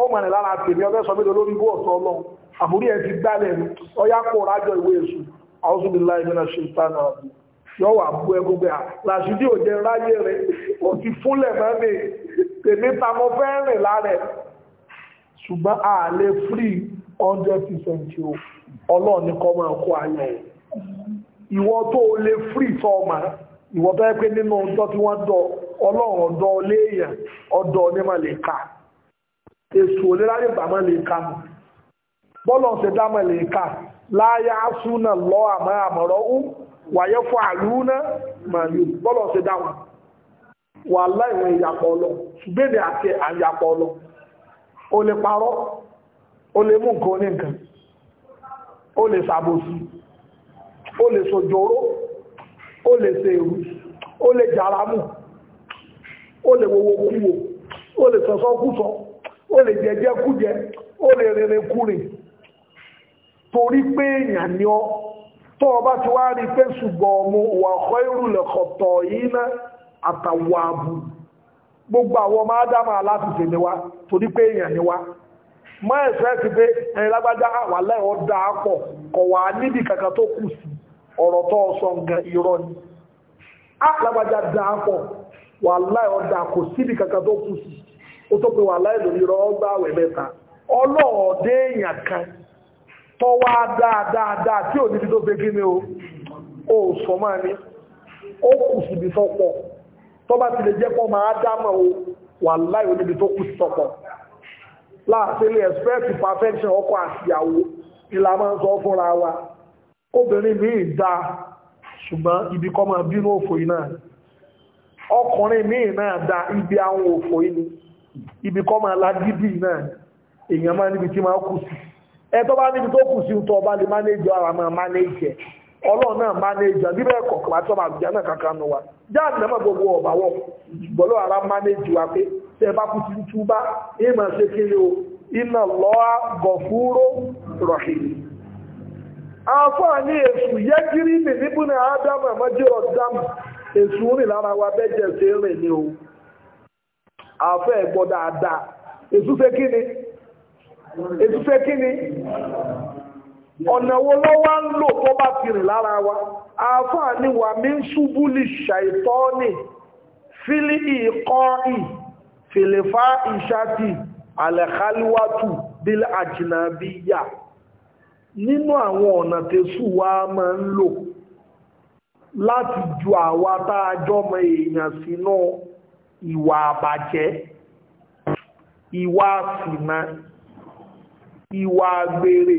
ọmọ rìn lára tèmi ọ̀fẹ́ sọ mẹ́tò lórí bóòtọ́ ọlọ́run àbúrí ẹ̀ ti gbálẹ̀ ọyá kó rájọ ìwé èṣù àwọn ọ̀sùn láì mẹ́ta ṣe ìtàn náà tí ó wà bú ẹgbẹ́ gbé à làṣídì ò jẹ ráyè rẹ ó ti fúnlẹ̀ mọ́ mi tèmi ta mo fẹ́ rìn lára ẹ̀ a lè free hundred percent o ọlọ́run ní kọ́ máa kó ayọ̀ o ìwọ tó o lè free tọ́ ọmọ ìwọ tó yẹ pé nínú ọjọ́ tí wọ́n dọ̀ ọlọ́run ọ̀dọ́ léèyàn ọ̀dọ́ ní mà lè ka èso oléráyè gbà má lè ka mọ́ bọ́lọ̀ ṣe dá mà lè ka láyà súnà lọ́ àmọ́ àmọ́rọ́ ó wàyẹ́ fún àlúnà màlúù bọ́lọ̀ ṣe dá wọn wà láìwọ̀n ìyàpọ̀ ọlọ ṣùgbẹ́dẹ̀ àti àyàpọ̀ ọlọ o lè parọ́ o lè mú nǹkan oníkan o lè ṣàbòsí o lè sojoro o lè ṣèrú o lè jàramù o lè wowo kúwo o lè sọ̀sọ́ kúsọ o lè jẹjẹ kújẹ o lè rere kúrin torí pé èèyàn ni ọ́ tó ọba ti wá rí pé ṣùgbọ́n wà kọ́ ìrùlẹ̀ kọ̀tọ̀ yìí ná àtàwọ̀ gbogbo àwọn ọmọ ádámà aláṣìṣe ni wá torí pé èèyàn ni wá má ẹ̀fẹ́ ti pé ẹ̀yìn lágbájá wà lẹ́ọ̀ dá pọ̀ kọ̀ wà níbi tó kù ni á ah, lágbájá pọ̀ wà kò síbi tó kù sí ó tó pé wà Tọwa dáadáa tí ò níbi tó fẹ́ ní ni o sọ máa ní ó kù síbi sọ́pọ̀ tó bá ti lè jẹ́ pọ́ máa dámọ̀ o wà láì o níbi tó kù sí sọ́pọ̀ láàfẹ́lẹ̀ expect perfection ọkọ àtìyàwó ìlà máa ń sọ fúnra wa obìnrin míì dá ṣùgbọ́n ibi kọ́ máa bínú òfò iná ọkùnrin míì náà dá ibi àwọn òfò inú ibi kọ́ máa lágídí náà èèyàn máa níbi tí máa kù sí ẹ̀tọ́ níbi tó kù sí ń ọba lè mánéjì ara máa mánéjì ẹ̀ ọlọ́run náà mánéjì ẹ̀ bíbẹ̀ kọ̀ọ̀kan àti ọba àbújá náà kankan nù wa ara mánéjì wa pé tẹ́ ẹ bá o iná lọ́wọ́ gọ̀fúró èṣù ádámù èṣù rìn lára ètùfẹ́ kí ni ọ̀nà wo ló wá ń lò tó bá ti rìn lára wa àáfàá ni wà mí ń ṣubú lè ṣàìtọ́ọ̀nì fílì ìkọ́ ì fìlèfà ìṣàtì àlẹ̀káliwátù bílẹ̀ àjìnàbíyà nínú àwọn ọ̀nà tẹ̀sù wa máa ń lò láti ju àwa tá a jọmọ èèyàn sínú ìwà àbàjẹ́ ìwà sínà ìwà àgbèrè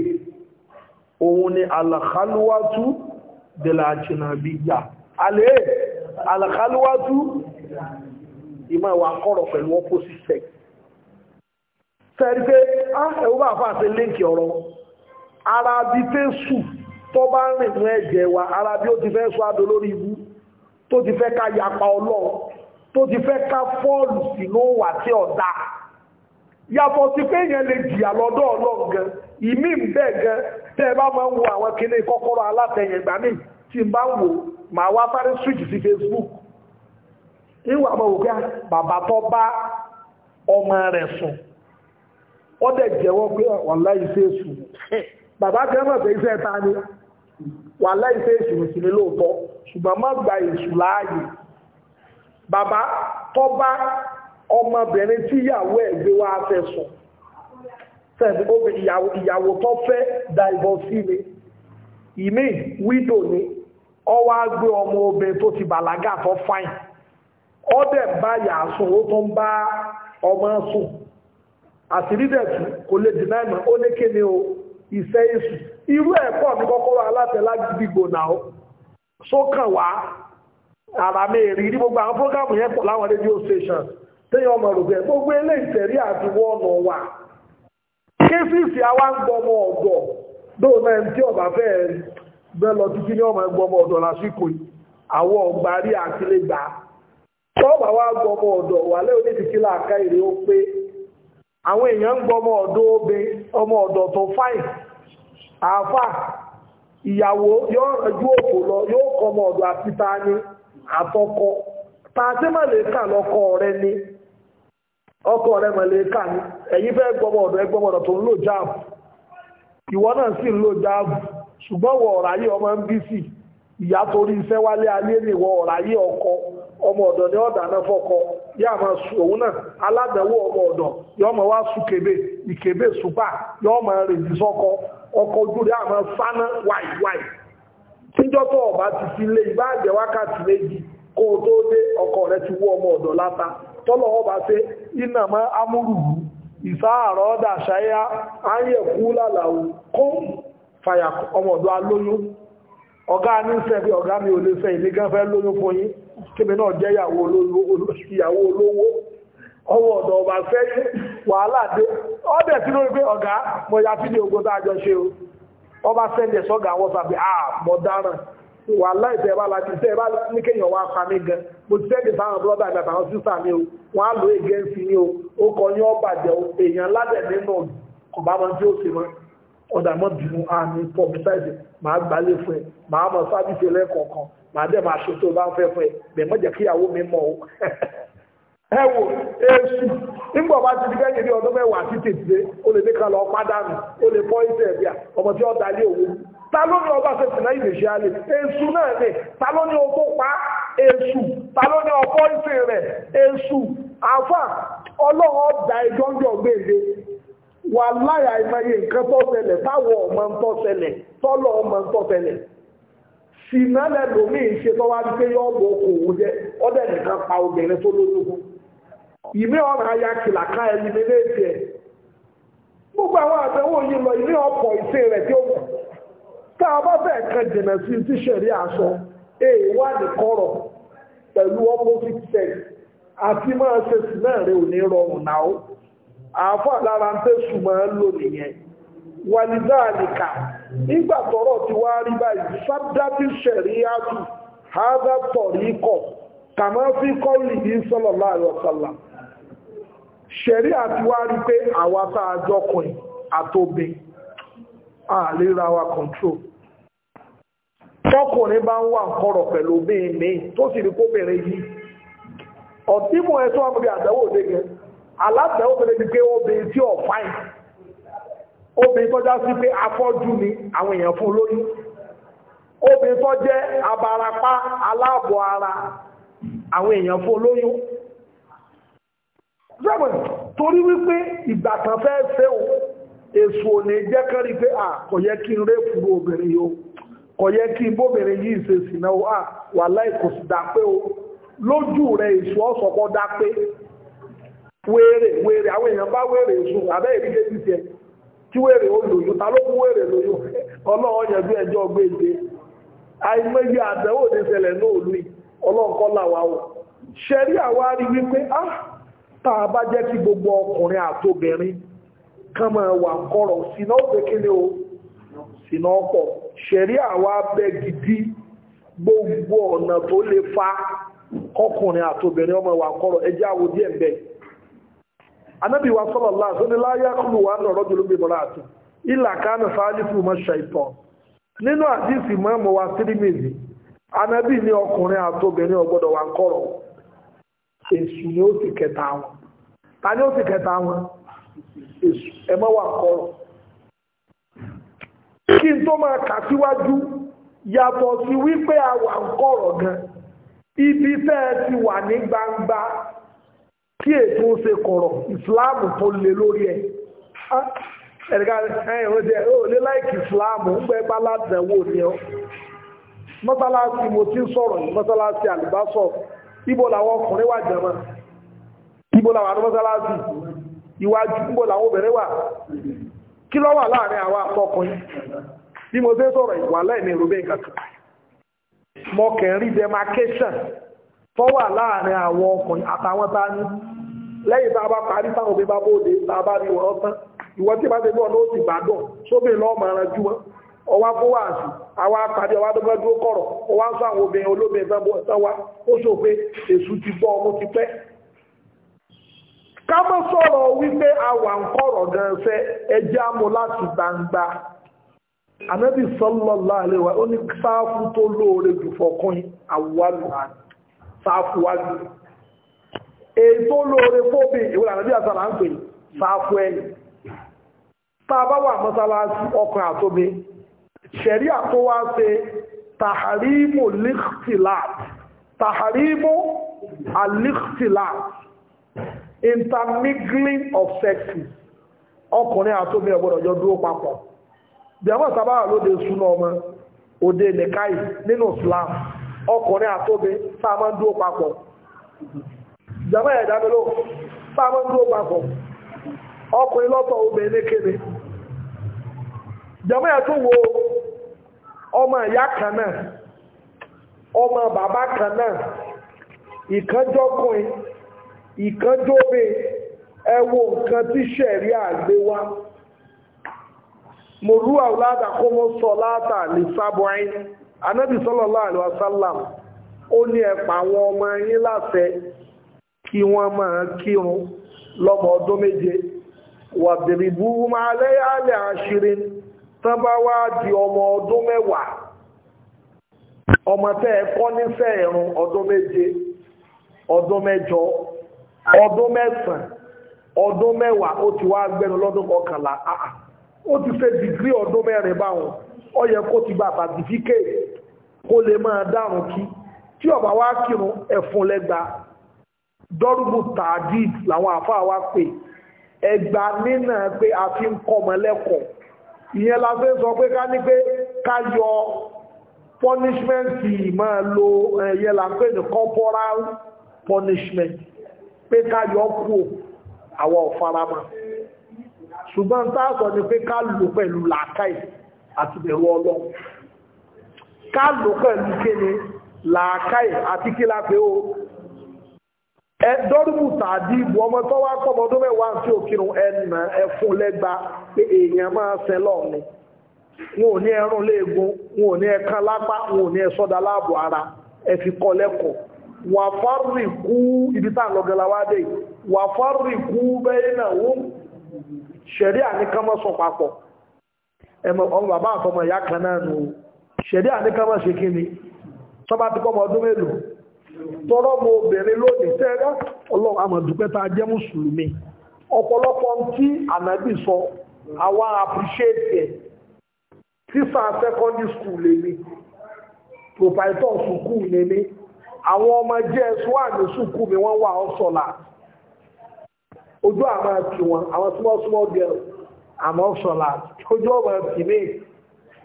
òun ni alàkálúwátú dẹ̀là àjìnàbíyà alẹ́ alàkálúwátú ìmọ̀ ìwà kọ̀rọ̀ pẹ̀lú opposite sex tẹ́rí pé ẹ̀wọ́ bá fà sí líǹkì ọ̀rọ̀ ara bí fẹ́ sù tó bá ń rìn fún ẹ̀jẹ̀ wa ara bí ó ti fẹ́ sọ adò lórí ibú tó ti fẹ́ ká yapa ọlọ́run tó ti fẹ́ ká fọ́ọ̀lù sínú wà tí ọ̀dà yàtọ̀ sí pé èèyàn lè jìyà lọ́dọ̀ ọlọ́run gan ìmí ń bẹ̀ gan tẹ́ ẹ bá máa ń wo àwọn kinní kọ́kọ́rọ́ alátẹ̀yẹ̀gbá mi tí bá wò màá wá sáré switch sí Facebook ìwà àmọ́ òkú bàbá tó bá ọmọ rẹ̀ sùn ó dẹ̀ jẹ́wọ́ pé ah, wàlá ìfẹ́ sùn bàbá kan mọ̀ pé iṣẹ́ ta ni wàlá ìfẹ́ sùn sí ni lóòótọ́ ṣùgbọ́n má gba èṣù láàyè bàbá tó bá ọmọbìnrin tí ìyàwó ẹ̀ gbé wá fẹ̀sùn sẹ́ẹ̀dì obìnrin ìyàwó tó fẹ́ dàìbọ̀sí ni ìmí wídò ni ọ wá gbé ọmọ obìnrin tó ti bàlágà tó fáìn ọ dẹ̀ ń bá yà sùn ó tó bá ọmọ sùn àṣírí dẹ̀ kò lè dìnnà ìmọ̀ ó ní kéde o ìfẹ́ èsù irú ẹ̀kọ́ mi kọ́kọ́ wà látẹ̀lá gbígbò náà sókàn wá àràmì èrì ní gbogbo àwọn prógámù yẹn pọ̀ láwọn rédíò stations téèyàn ọmọ rògbé gbogbo eléyìí tẹ̀rí àdúgbò ọ̀nà àwa ń ọ̀dọ̀ tí ọba títí ní ọmọ ẹgbọmọ lásìkò àwọ ọgbàrí àtìlẹgbà wa gbọmọ ọ̀dọ̀ wà pé àwọn èèyàn ń gbọmọ obe ọmọ tó àáfà ìyàwó yóò lọ yóò àti àtọkọ lè kà ọkọ rẹ̀ mọ̀lẹ́ ká ní fẹ́ gbọmọ̀ ọ̀dọ̀ ẹgbọmọ̀ ọ̀dọ̀ tó ń lò jáàbù ìwọ náà sì ń lò jáàbù ṣùgbọ́n wọ ọ̀ráyé ọmọ ń bí sí ìyá torí iṣẹ́ wálé alé ní ìwọ ọkọ ọmọ ọ̀dọ̀ ni ọ̀dà náà fọkọ yá máa sùn òun náà aládàáwò ọmọ ọ̀dọ̀ yọ wá sùn kébé ìkébé sùpà yọ sọkọ ọkọ ojú rẹ àmọ́ sáná tíjọ́ tó ọba ti fi lé àjẹ́ wákàtí méjì kó o tó ọkọ rẹ ti wú ọmọ ọ̀dọ̀ tọ́lọ̀ wọ́n bá ṣe iná mọ́ amúrùrù ìsáàrọ̀ ọ̀dà ṣáyá ayẹ̀kú lálàó kún fàyà ọmọdọ̀ alóyún ọ̀gá ní sẹ́bí ọ̀gá mi ò lè fẹ́ ilé gan fẹ́ lóyún fún yín kébì náà jẹ́ ìyàwó olówó ọwọ́ ọ̀dọ̀ ọba fẹ́ wàhálà dé ọdẹ̀ tí lórí pé ọ̀gá mọ̀ ya fídíò ogun tá a jọ ṣe o ọba sẹ́ndẹ̀ sọ́gà wọ́n sàbí àà mọ̀ dáràn wàhálà ìtẹ̀bá láti ìtẹ̀bá ní kéèyàn wá pa mí gan mo ti sẹ́ẹ̀dì sáwọn brọ́dà mi àtàwọn sísà mi o wọ́n á lò against mi o ó kọ ní ọ̀bàjẹ́ o èèyàn ládẹ̀ nínú kò bá wọn tí ó ṣe mọ́ ọ̀dà mọ́ bínú àmì publicize màá gbalẹ̀ fún ẹ màá mọ sábìsì lẹ́kọ̀ọ̀kan màá dẹ̀ máa ṣètò bá ń fẹ́ fún ẹ bẹ̀ mọ́ jẹ́ kíyàwó mi mọ̀ o ẹ wò èsù nígbà wá ti dìgbà yẹn ní ọdún mẹ́wàá títí talo ni ọba ṣe tìlẹ́ ìrèṣẹ́ alẹ́ èṣù náà lè ta ló ní pa èṣù ta ló ní ìfẹ́ rẹ̀ èṣù wà láyà ìmọye nǹkan tó ṣẹlẹ̀ táwọ̀ ọmọ ń tọ́ tọ́lọ̀ ọmọ ń yọ́ọ̀bù okòwò jẹ́ ọdẹ nìkan pa obìnrin tó lóyún ìmí ọ̀rọ̀ ayá nílé ìfẹ́ gbogbo àwọn yìí tá a bá fẹ́ kan jìnnà sí ti ṣẹ̀rí aṣọ èèwà nìkọ̀rọ̀ pẹ̀lú opposite sex àti máa ṣe sí náà rẹ ò ní rọrùn náà àáfà lára ń tẹ̀sùn máa ń lò nìyẹn wàlìdáàlìkà nígbà tọ́rọ̀ ti wá rí báyìí sábdábí ṣẹ̀rí àtù hádà tọ̀rí kọ̀ kàmá fi kọ́lì yìí sallallahu alaihi wasallam ṣẹ̀rí àti wá rí pé àwa tá a jọkùnrin àtòbìn àlera wa control tọkùnrin bá ń wà nkọ̀rọ̀ pẹ̀lú obìnrin mi tó sì rí kóbìnrin yìí ọ̀tímù ẹ̀ tó wà níbi àdáwò lẹ́gẹ̀ aládàáwò fẹ́lẹ́ ti pé obìnrin tí ò fáìn obìnrin tó já sí pé afọ́jú ni àwọn èèyàn fún lóyún obìnrin tó jẹ́ abarapá aláàbọ̀ ara àwọn èèyàn fún lóyún jẹ́mọ̀ torí wípé ìgbà kan fẹ́ fẹ́ o èso ò ní jẹ́ kán rí pé à kò yẹ kí n ré fúru obìnrin yìí o kò kí bóbìnrin yìí ṣe sìnà o à ah, wà láìkò sí dápé o lójú rẹ̀ èṣù ọ̀sọ̀kọ́ dápé wéèrè wéèrè àwọn èèyàn bá wéèrè èṣù àbẹ́ ìdíje ti tiẹ̀ kí wéèrè ó lòyún ta ló kún wéèrè lòyún ọlọ́run yẹn bí ẹjọ́ àìmọye ní náà lù í ọlọ́run kọ́ làwà o àwa rí wípé ah, gbogbo ọkùnrin máa wà ó sínú ọ̀pọ̀ ṣẹ̀rí àwa bẹ́ gidi gbogbo ọ̀nà tó lè fa kọkùnrin àtòbìnrin ọmọ wa kọ́rọ̀ ẹjẹ́ àwò díẹ̀ ń bẹ̀. sọ́lọ̀ wà ní jùlọ bímọ láàtún ìlà kánú mọ́ ṣàìtàn nínú wa anábì ní ọkùnrin àtòbìnrin ọgbọ́dọ̀ wa kọ́rọ̀ kí n tó máa kà síwájú yàtọ̀ sí wípé a wà ń kọ̀rọ̀ gan ibi tẹ́ ẹ ti wà ní gbangba tí ètò ń ṣe kọ̀rọ̀ ìsìláàmù tó lé lórí ẹ̀ ẹ̀ríkà ẹ̀yìn ó jẹ́ ó lé láìkì ìsìláàmù ń gbẹ́ bá látẹ̀wò ni ọ́ mọ́sálásí mo ti ń sọ̀rọ̀ yìí mọ́sálásí àlùbásọ̀ ibo làwọn ọkùnrin wà jẹ̀mọ́ ibo làwọn mọ́sálásí iwájú ibo làwọn obìnrin wà kí ló wà láàrin àwa àtọkùnrin bí mo ṣe sọ̀rọ̀ ìwà lẹ́ẹ̀mí rúbẹ́ ìkàkùn mo kàn rí demarcation tó wà láàrin àwọn ọkùnrin àtàwọn tá ní lẹ́yìn tá a bá parí táwọn òbí bá bóde tá a bá rí wọn tán ìwọ tí bá ṣe bọ́ọ̀ ló ti gbádùn sóbì lọ́ọ̀mọ̀ ara jù wọn ọwá fówàásì àwa ká mọ́ sọ̀rọ̀ wípé àwà ń kọ̀rọ̀ gan fẹ́ ẹjẹ́ amú láti gbangba anabi sọlọ́lá àlewà ó ní sáfù tó lóore jù fọkún àwùwálù sáfù wájú èyí tó lóore fóbi ìwé ànábì àsàlà ń pè sáfù ẹ̀yìn tá a bá wà mọ́sálásí ọkùnrin àtóbi ṣẹ̀rí àtúwá ṣe tàhàrímù líkìtìláàtì tàhàrímù alíkìtìláàtì intermingling of sexes ọkùnrin àtòmí ọgbọ́dọ̀ jọ dúró papọ̀ jẹ́mọ́ sábà lóde súná ọmọ òde nìkáì nínú Islam ọkùnrin àtòmí sáàmọ́ dúró papọ̀ jẹ́mọ́ ẹ̀dámẹ́lò sáàmọ́ dúró papọ̀ ọkùnrin lọ́tọ̀ obìnrin ọmọ ìyá kan ọmọ bàbá kan náà ìkánjóbe ẹwọ nǹkan tí ṣẹ̀rí àgbé wá mo kó mọ́ sọ látà ní sábọ̀ọ́yìn anábì sallallahu alaihi wasallam ó ní ẹ̀pà àwọn ọmọ yín láṣẹ kí wọ́n máa kírun lọ́mọ ọdún méje wàdìrìbú máa lẹ́yàálẹ̀ àṣírí tán bá wá di ọmọ ọdún mẹ́wàá ọmọ tẹ́ ẹ kọ́ níṣẹ́ ìrun ọdún méje ọdún mẹ́jọ ọdún mẹ́sàn-án ọdún mẹ́wàá ó ti wá gbẹ́nu lọ́dún kọkànlá ah, ah. ó ti fẹ́ dìgírí ọdún mẹ́rin báwọn ó yẹ kó ti bàbá dìfíkèé kó lè máa dárun kí tí ó bá wá kírun ẹ̀fún lẹ́gba dọ́rùbù tàdíd làwọn àfáà wá pè ẹgbà nínà pé a fi ń kọmọ lẹ́kọ̀ọ́ ìyẹn la fẹ́ sọ pé ká ní pé ká yọ punishment máa lo ẹ̀yẹ là ń pè ní corporal punishment pé ká yọ kú àwọn ọ̀farama ṣùgbọ́n táàsọ̀ ni pé ká lò pẹ̀lú làákàì àti bẹ̀rù ọlọ́ ká lò pẹ̀lú kéne làákàì àti kí lápé o ẹ̀dọ́rùbù tàbí ìbò ọmọ tó wá pọ̀mọdún mẹ́wàá tí òkìrùn ẹnà ẹfún lẹ́gba pé èèyàn máa ṣẹ lọ́ọ̀ni wọn ò ní ẹrùn léegun wọn ò ní ẹkan lápá wọn ò ní ẹsọ́dà láàbò ara ẹ lẹ́kọ̀ọ́ wà fárì kú ibi tá lọ́gẹ̀lá wá dé wà fárì kú bẹ́ẹ̀ náà wọ́n ṣẹ̀rí àníkàmọ́ sọ papọ̀ ẹmọ ọmọ bàbá àtọmọ ìyá kan nù ṣẹ̀rí àníkàmọ́ ṣe kí ni tọ́ba ti kọ́ ọmọ ọdún mélòó mo obìnrin lónìí tẹ́rẹ́ ọlọ́run àmọ̀dúpẹ́ tá a jẹ́ mùsùlùmí ọ̀pọ̀lọpọ̀ tí ànábì sọ àwa appreciate ẹ̀ sísà secondary school lèmi proprietor sùkúù lèmi àwọn ọmọ js wà ní sùkúù mi wọ́n wà ọ̀sọ̀là ojú àmọ́ ti wọn àwọn small small girls àmọ́ ọ̀sọ̀là ojú ọmọ ti mi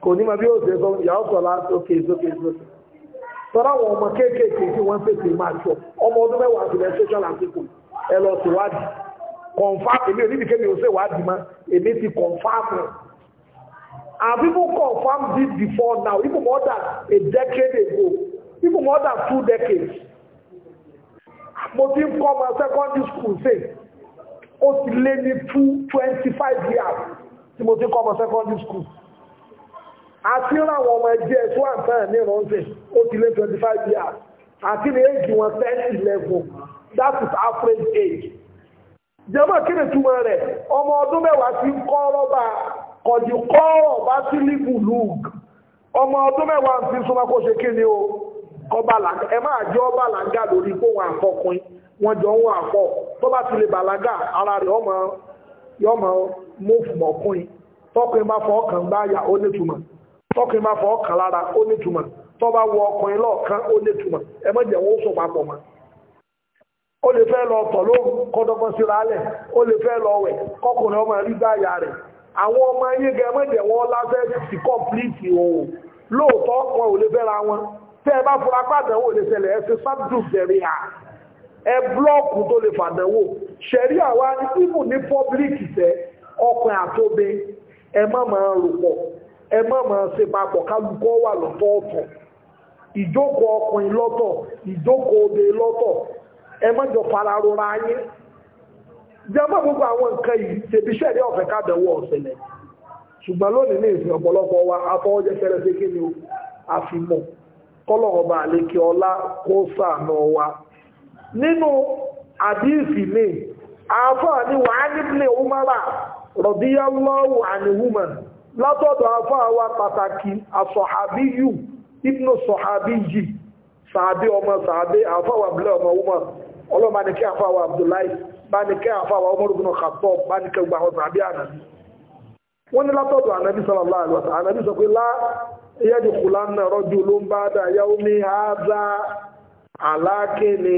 kò ní ma bí ó ṣe sọ ìyá ọ̀sọ̀là sókè sókè sókè sọ́dọ̀ àwọn ọmọ kéékèèké tí wọ́n tètè máa jọ ọmọ ọdún mẹ́wàá àti menstruation àsìkò ẹ lọ síwádìí confam èmi ò nídìí kémi ò ṣe ìwádìí mọ́ èmi ti confam rẹ̀ and people confam this before now even more than a decade ago even more than two decades mo ti ń kọ́ ọmọ secondary school ṣe ó ti lé ní two twenty five years tí mo ti ń kọ́ ọmọ secondary school àti ráwọn ọmọ ẹgbẹ́ ẹ̀sùn àǹtàn ní ìrànṣẹ́ ó ti lé twenty five years àti ní èjì wọn ten eleven that is average age jẹ́mọ̀ kí ni túmọ̀ rẹ̀ ọmọ ọdún mẹ́wàá ti ń kọ́ rọ́bà kọ̀dùkọ́rọ̀ bá sí líbù lùg ọmọ ọdún mẹ́wàá ti súnmọ́ kó ṣe kí ni o kọbàlágà ẹ máa jọ bàlágà lórí kóhun wọn jọ ń wọn àfọ tó bá ti lè bàlágà ara rẹ̀ ọmọ yọmọ mọ́fùmọ́kùnrin tọkùnrin bá fọ ọkàn gbáyà ó nítumọ̀ tọkùnrin bá fọ ọkàn lára ó nítumọ̀ tọ bá wọ ọkùnrin lọ́ọ̀kan ó nítumọ̀ ẹ má wọn ó sọ ó lè fẹ́ lọ tọ̀ kọ́dọ́gbọ́n sí ó lè fẹ́ lọ wẹ̀ kọkùnrin ọmọ rí rẹ̀ àwọn ọmọ yín wọn sí tẹ́ ẹ bá fura pàdánwò lè ṣẹlẹ̀ ẹ fi sábdù bẹ̀rẹ̀ à ẹ búlọ́ọ̀kù tó lè fàdánwò ṣẹ̀rí àwa ní ìbù ní pọ́bílíkì tẹ́ ọkùnrin àtóbi ẹ má máa rò pọ̀ ẹ má máa ṣe papọ̀ kálukọ́ wà lọ́tọ̀ọ̀tọ̀ ìjókòó ọkùnrin lọ́tọ̀ ìjókòó obè lọ́tọ̀ ẹ má jọ fara rora yín jẹ́mọ́ gbogbo àwọn nǹkan yìí tèbi ṣẹ̀rí ọ̀fẹ́ kádẹ̀wọ̀ ọ̀sẹ̀lẹ̀ ṣùgbọ́n lónìí ní ìsìn ọ̀pọ̀lọpọ̀ wa afọwọ́jẹ́ fẹ́rẹ́ sí kí ni o àfimọ́ kọ́lọ̀ ọba àlékè ọlá kó sàánú wa nínú àdíìsì ní àáfàá ní wàhálì ibn umara radiyallahu anhuma látọ̀dọ̀ àáfàá wa pàtàkì àsọ̀hábíyù ibn sàábí ọmọ sàábí wa abúlé ọmọ umar ọlọ́mọ wa wọ́n ní látọ̀dọ̀ ànábì sallallahu alaihi wasallam ànábì sọ pé lá yẹ́dì kùlá ń nàrọ́ ló ń bá dà yá àádá aláàkéni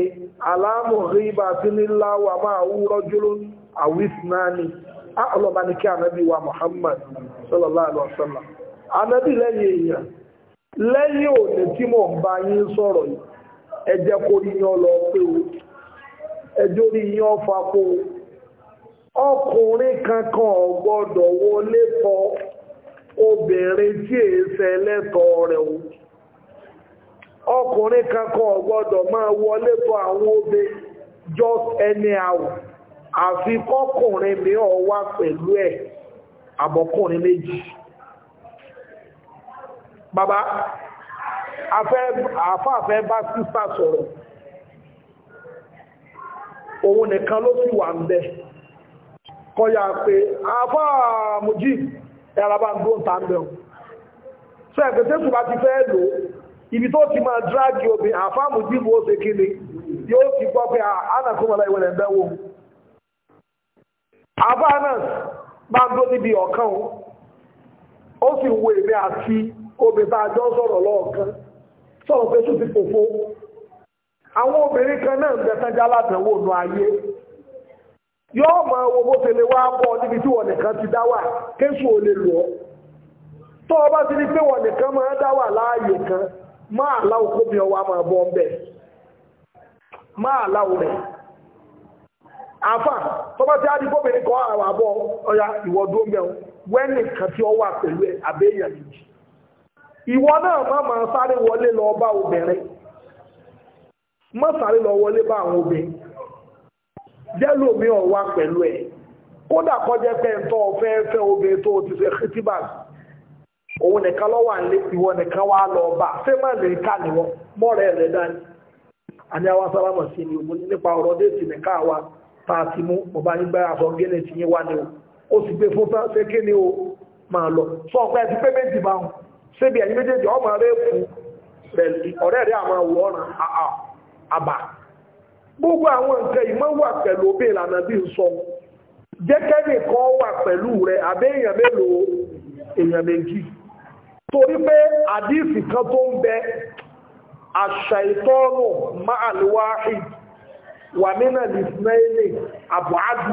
aláàmùrí bá sí máa wa Muhammad sallallahu ọkùnrin kankan ò gbọ́dọ̀ wọlé tọ obìnrin tí èéfẹ́ lẹ́tọ̀ rẹ̀ o ọkùnrin kankan ò gbọ́dọ̀ máa wọlé tọ àwọn obe just anyhow àfi kọkùnrin mi wá pẹ̀lú ẹ̀ àbọ̀kùnrin méjì bàbá àfáàfẹ́ bá sísà sọ̀rọ̀ òun nìkan ló sì wà ń bẹ́ẹ̀ kọjá pé àfá mujib ẹ̀rọ̀bá ń gbóǹta ń bẹ̀rún so ẹ̀gbẹ̀ tẹ́sù bá ti fẹ́ lò ibi tó ti máa dráàgì obìn àfá mujib ó ṣe kí ni yóò ti gbọ́ pé ah, ánàkúnmọ̀lá ìwẹ̀lẹ̀ ẹ̀bẹ̀wò àfá náà bá ń dó níbi ọ̀kan ó sì wo yóò máa wo bó tẹ̀lé wá bọ́ níbi tí ti dáwà kéṣù ò lè lọ tó o bá ti ní pé nìkan máa dáwà láàyè kan máa láwò kó mi ọwọ́ máa bọ́ ń bẹ̀ máa rẹ̀ àfà tó bá ti á di gómìnà kan àwọn àbọ̀ ọ̀yà tí ó wà pẹ̀lú ẹ̀ àbẹ́yàn méjì ìwọ náà má máa sáré wọlé lọ bá obìnrin má sáré lọ wọlé bá jẹ́lò mi ò wá pẹ̀lú ẹ̀ kódà kọjẹ́ pé ń tọ́ fẹ́ fẹ́ obìnrin tó ti ṣe kìtìbàs òun nìkan lọ́wọ́ àlẹ́ ìwọ nìkan wá lọ bá ṣé má lè ká nìwọ mọ́rẹ̀ rẹ̀ dání àní àwa sálámọ̀ sí ni òun nípa ọ̀rọ̀ déètì nìkan àwa tá ti mú ọba nígbà aṣọ gẹ́lẹ̀ ti yín wá ni o ó sì gbé fún ṣé kí ni o máa lọ sọ pé ti pé méjì máa ń ṣébi gbogbo àwọn nǹkan ìmọ̀ wà pẹ̀lú bí ìlànà bí n sọ jẹ́ kẹ́nìkan wà pẹ̀lú rẹ̀ àbẹ́ èèyàn mélòó èèyàn méjì torí pé àdífì kan tó ń bẹ àṣà ìtọ́nù máàlúwáhì wà nínà lìsínẹ́ẹ̀lì àbúádù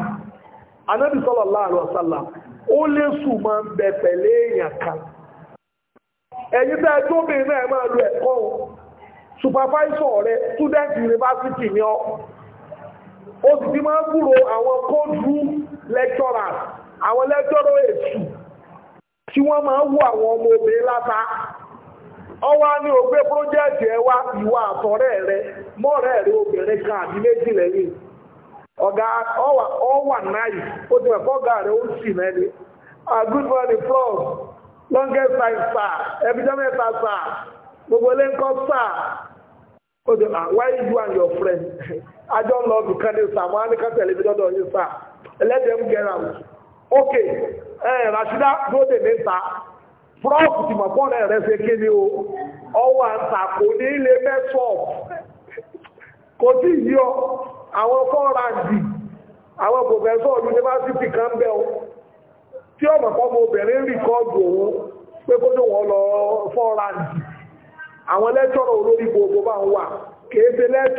anábì sallallahu alaihi wasallam ó lésù máa ń bẹ pẹ̀lú èèyàn kan ẹ̀yin tẹ́ ẹjọ́ bèèrè náà máa lo ẹ̀kọ́ supervisor rẹ student university ni ọ ó sì ti máa ń àwọn code room lecturers àwọn lecturer èṣù tí wọ́n máa ń wú àwọn ọmọ obìnrin láta ọwá ní ogbé pírójẹ́ẹ̀tì ẹwà ìwà àtọ̀rẹ́ rẹ mọ́rẹ́ rẹ obìnrin kan àbí méjì lẹ́yìn ọ̀gá ọwà náà ó ti mẹ́kọ́ ọ̀gá ó ń sì mẹ́ni ah, longest time sir ẹbí jẹ́ mẹ́ta gbogbo ilé odo na why you and your friend ajọ ọdụ kanịsa ma anyị ka television let them get out okay eh rashida dode n'ịsa prof ti o ọwụwa nta niile ní ilé mẹsọp kò awon ì yọ àwọn fọrandì àwọn pòfẹsọ kan o tí ọmọ kọmọ obìnrin rìkọọdù òun pé àwọn lẹ́tọ́rọ̀ olórí gbogbo bá ń wà kìí ṣe nìkan ní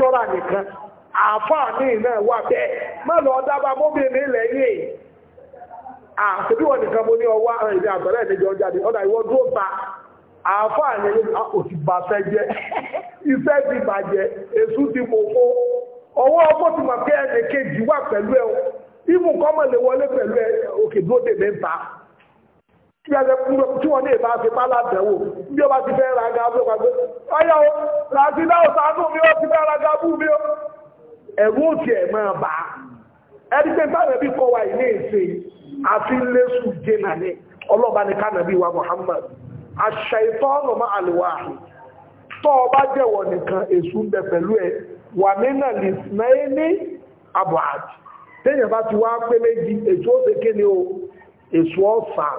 náà wà bẹ́ẹ̀ má lọ mọ́bìnrin ilẹ̀ yìí àṣebí nìkan mo ní ọwọ́ àwọn ìdí àgbẹ̀rẹ̀ ìdíjọ jáde ọ̀dà dúró ta jẹ iṣẹ́ ti bàjẹ́ èṣù ti ọwọ́ ẹnì kejì wà pẹ̀lú ìmùkọ́mọ̀ lè wọlé pẹ̀lú òkè kí ẹ tí wọ́n ní ìbá fi pálá dẹ̀wò bí ó bá ti fẹ́ ra gáàbù pàgbé ọyọ́ o láti dáhùn sàánú mi ó ti fẹ́ ra gáàbù mi ó ẹ̀rú òtì ẹ̀ máa bà á ẹni pé báyìí kọ́ wa ilé ìṣe àfi lẹ́sù ọlọ́ba ní wa Muhammad àṣà ìtọ́ ọ̀nà máa àlùwà tọ́ ọ bá jẹ́wọ̀ nìkan èṣù ń bẹ pẹ̀lú ẹ̀ wà nínà lè náà ní àbọ̀ àti bá ti wá èṣù ó ṣe kéde o èṣù ọ̀sán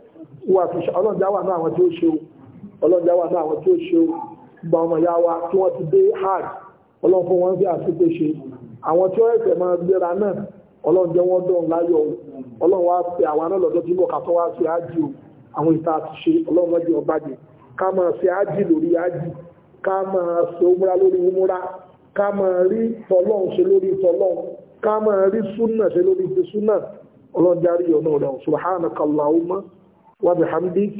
wà fi ṣe ọlọ́njà wà náà àwọn tí ó ṣe o ọlọ́njà wà náà àwọn tí ó ṣe o gba ọmọ ìyá wa tí wọ́n ti dé hajj ọlọ́run fún wọn bí àtúntò ṣe àwọn máa gbéra náà ọlọ́njẹ́ wọn dọ̀n láyọ̀ o ọlọ́run wá pe àwọn náà lọ́dọ́ tí mo kà tó wá sí hajj o àwọn ìta ti ṣe ọlọ́run lọ́jọ́ ọba jẹ ká máa ṣe hajj lórí hajj ká máa ṣe umra lórí umra ká máa rí tọlọ́run ṣe lórí tọlọ́run ká máa rí súnà ṣe lórí ti súnà ọlọ́njẹ́ àríyọ̀ náà وبحمدك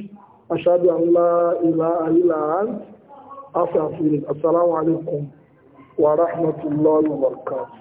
أشهد أن لا إله إلا أنت أستغفرك السلام عليكم ورحمة الله وبركاته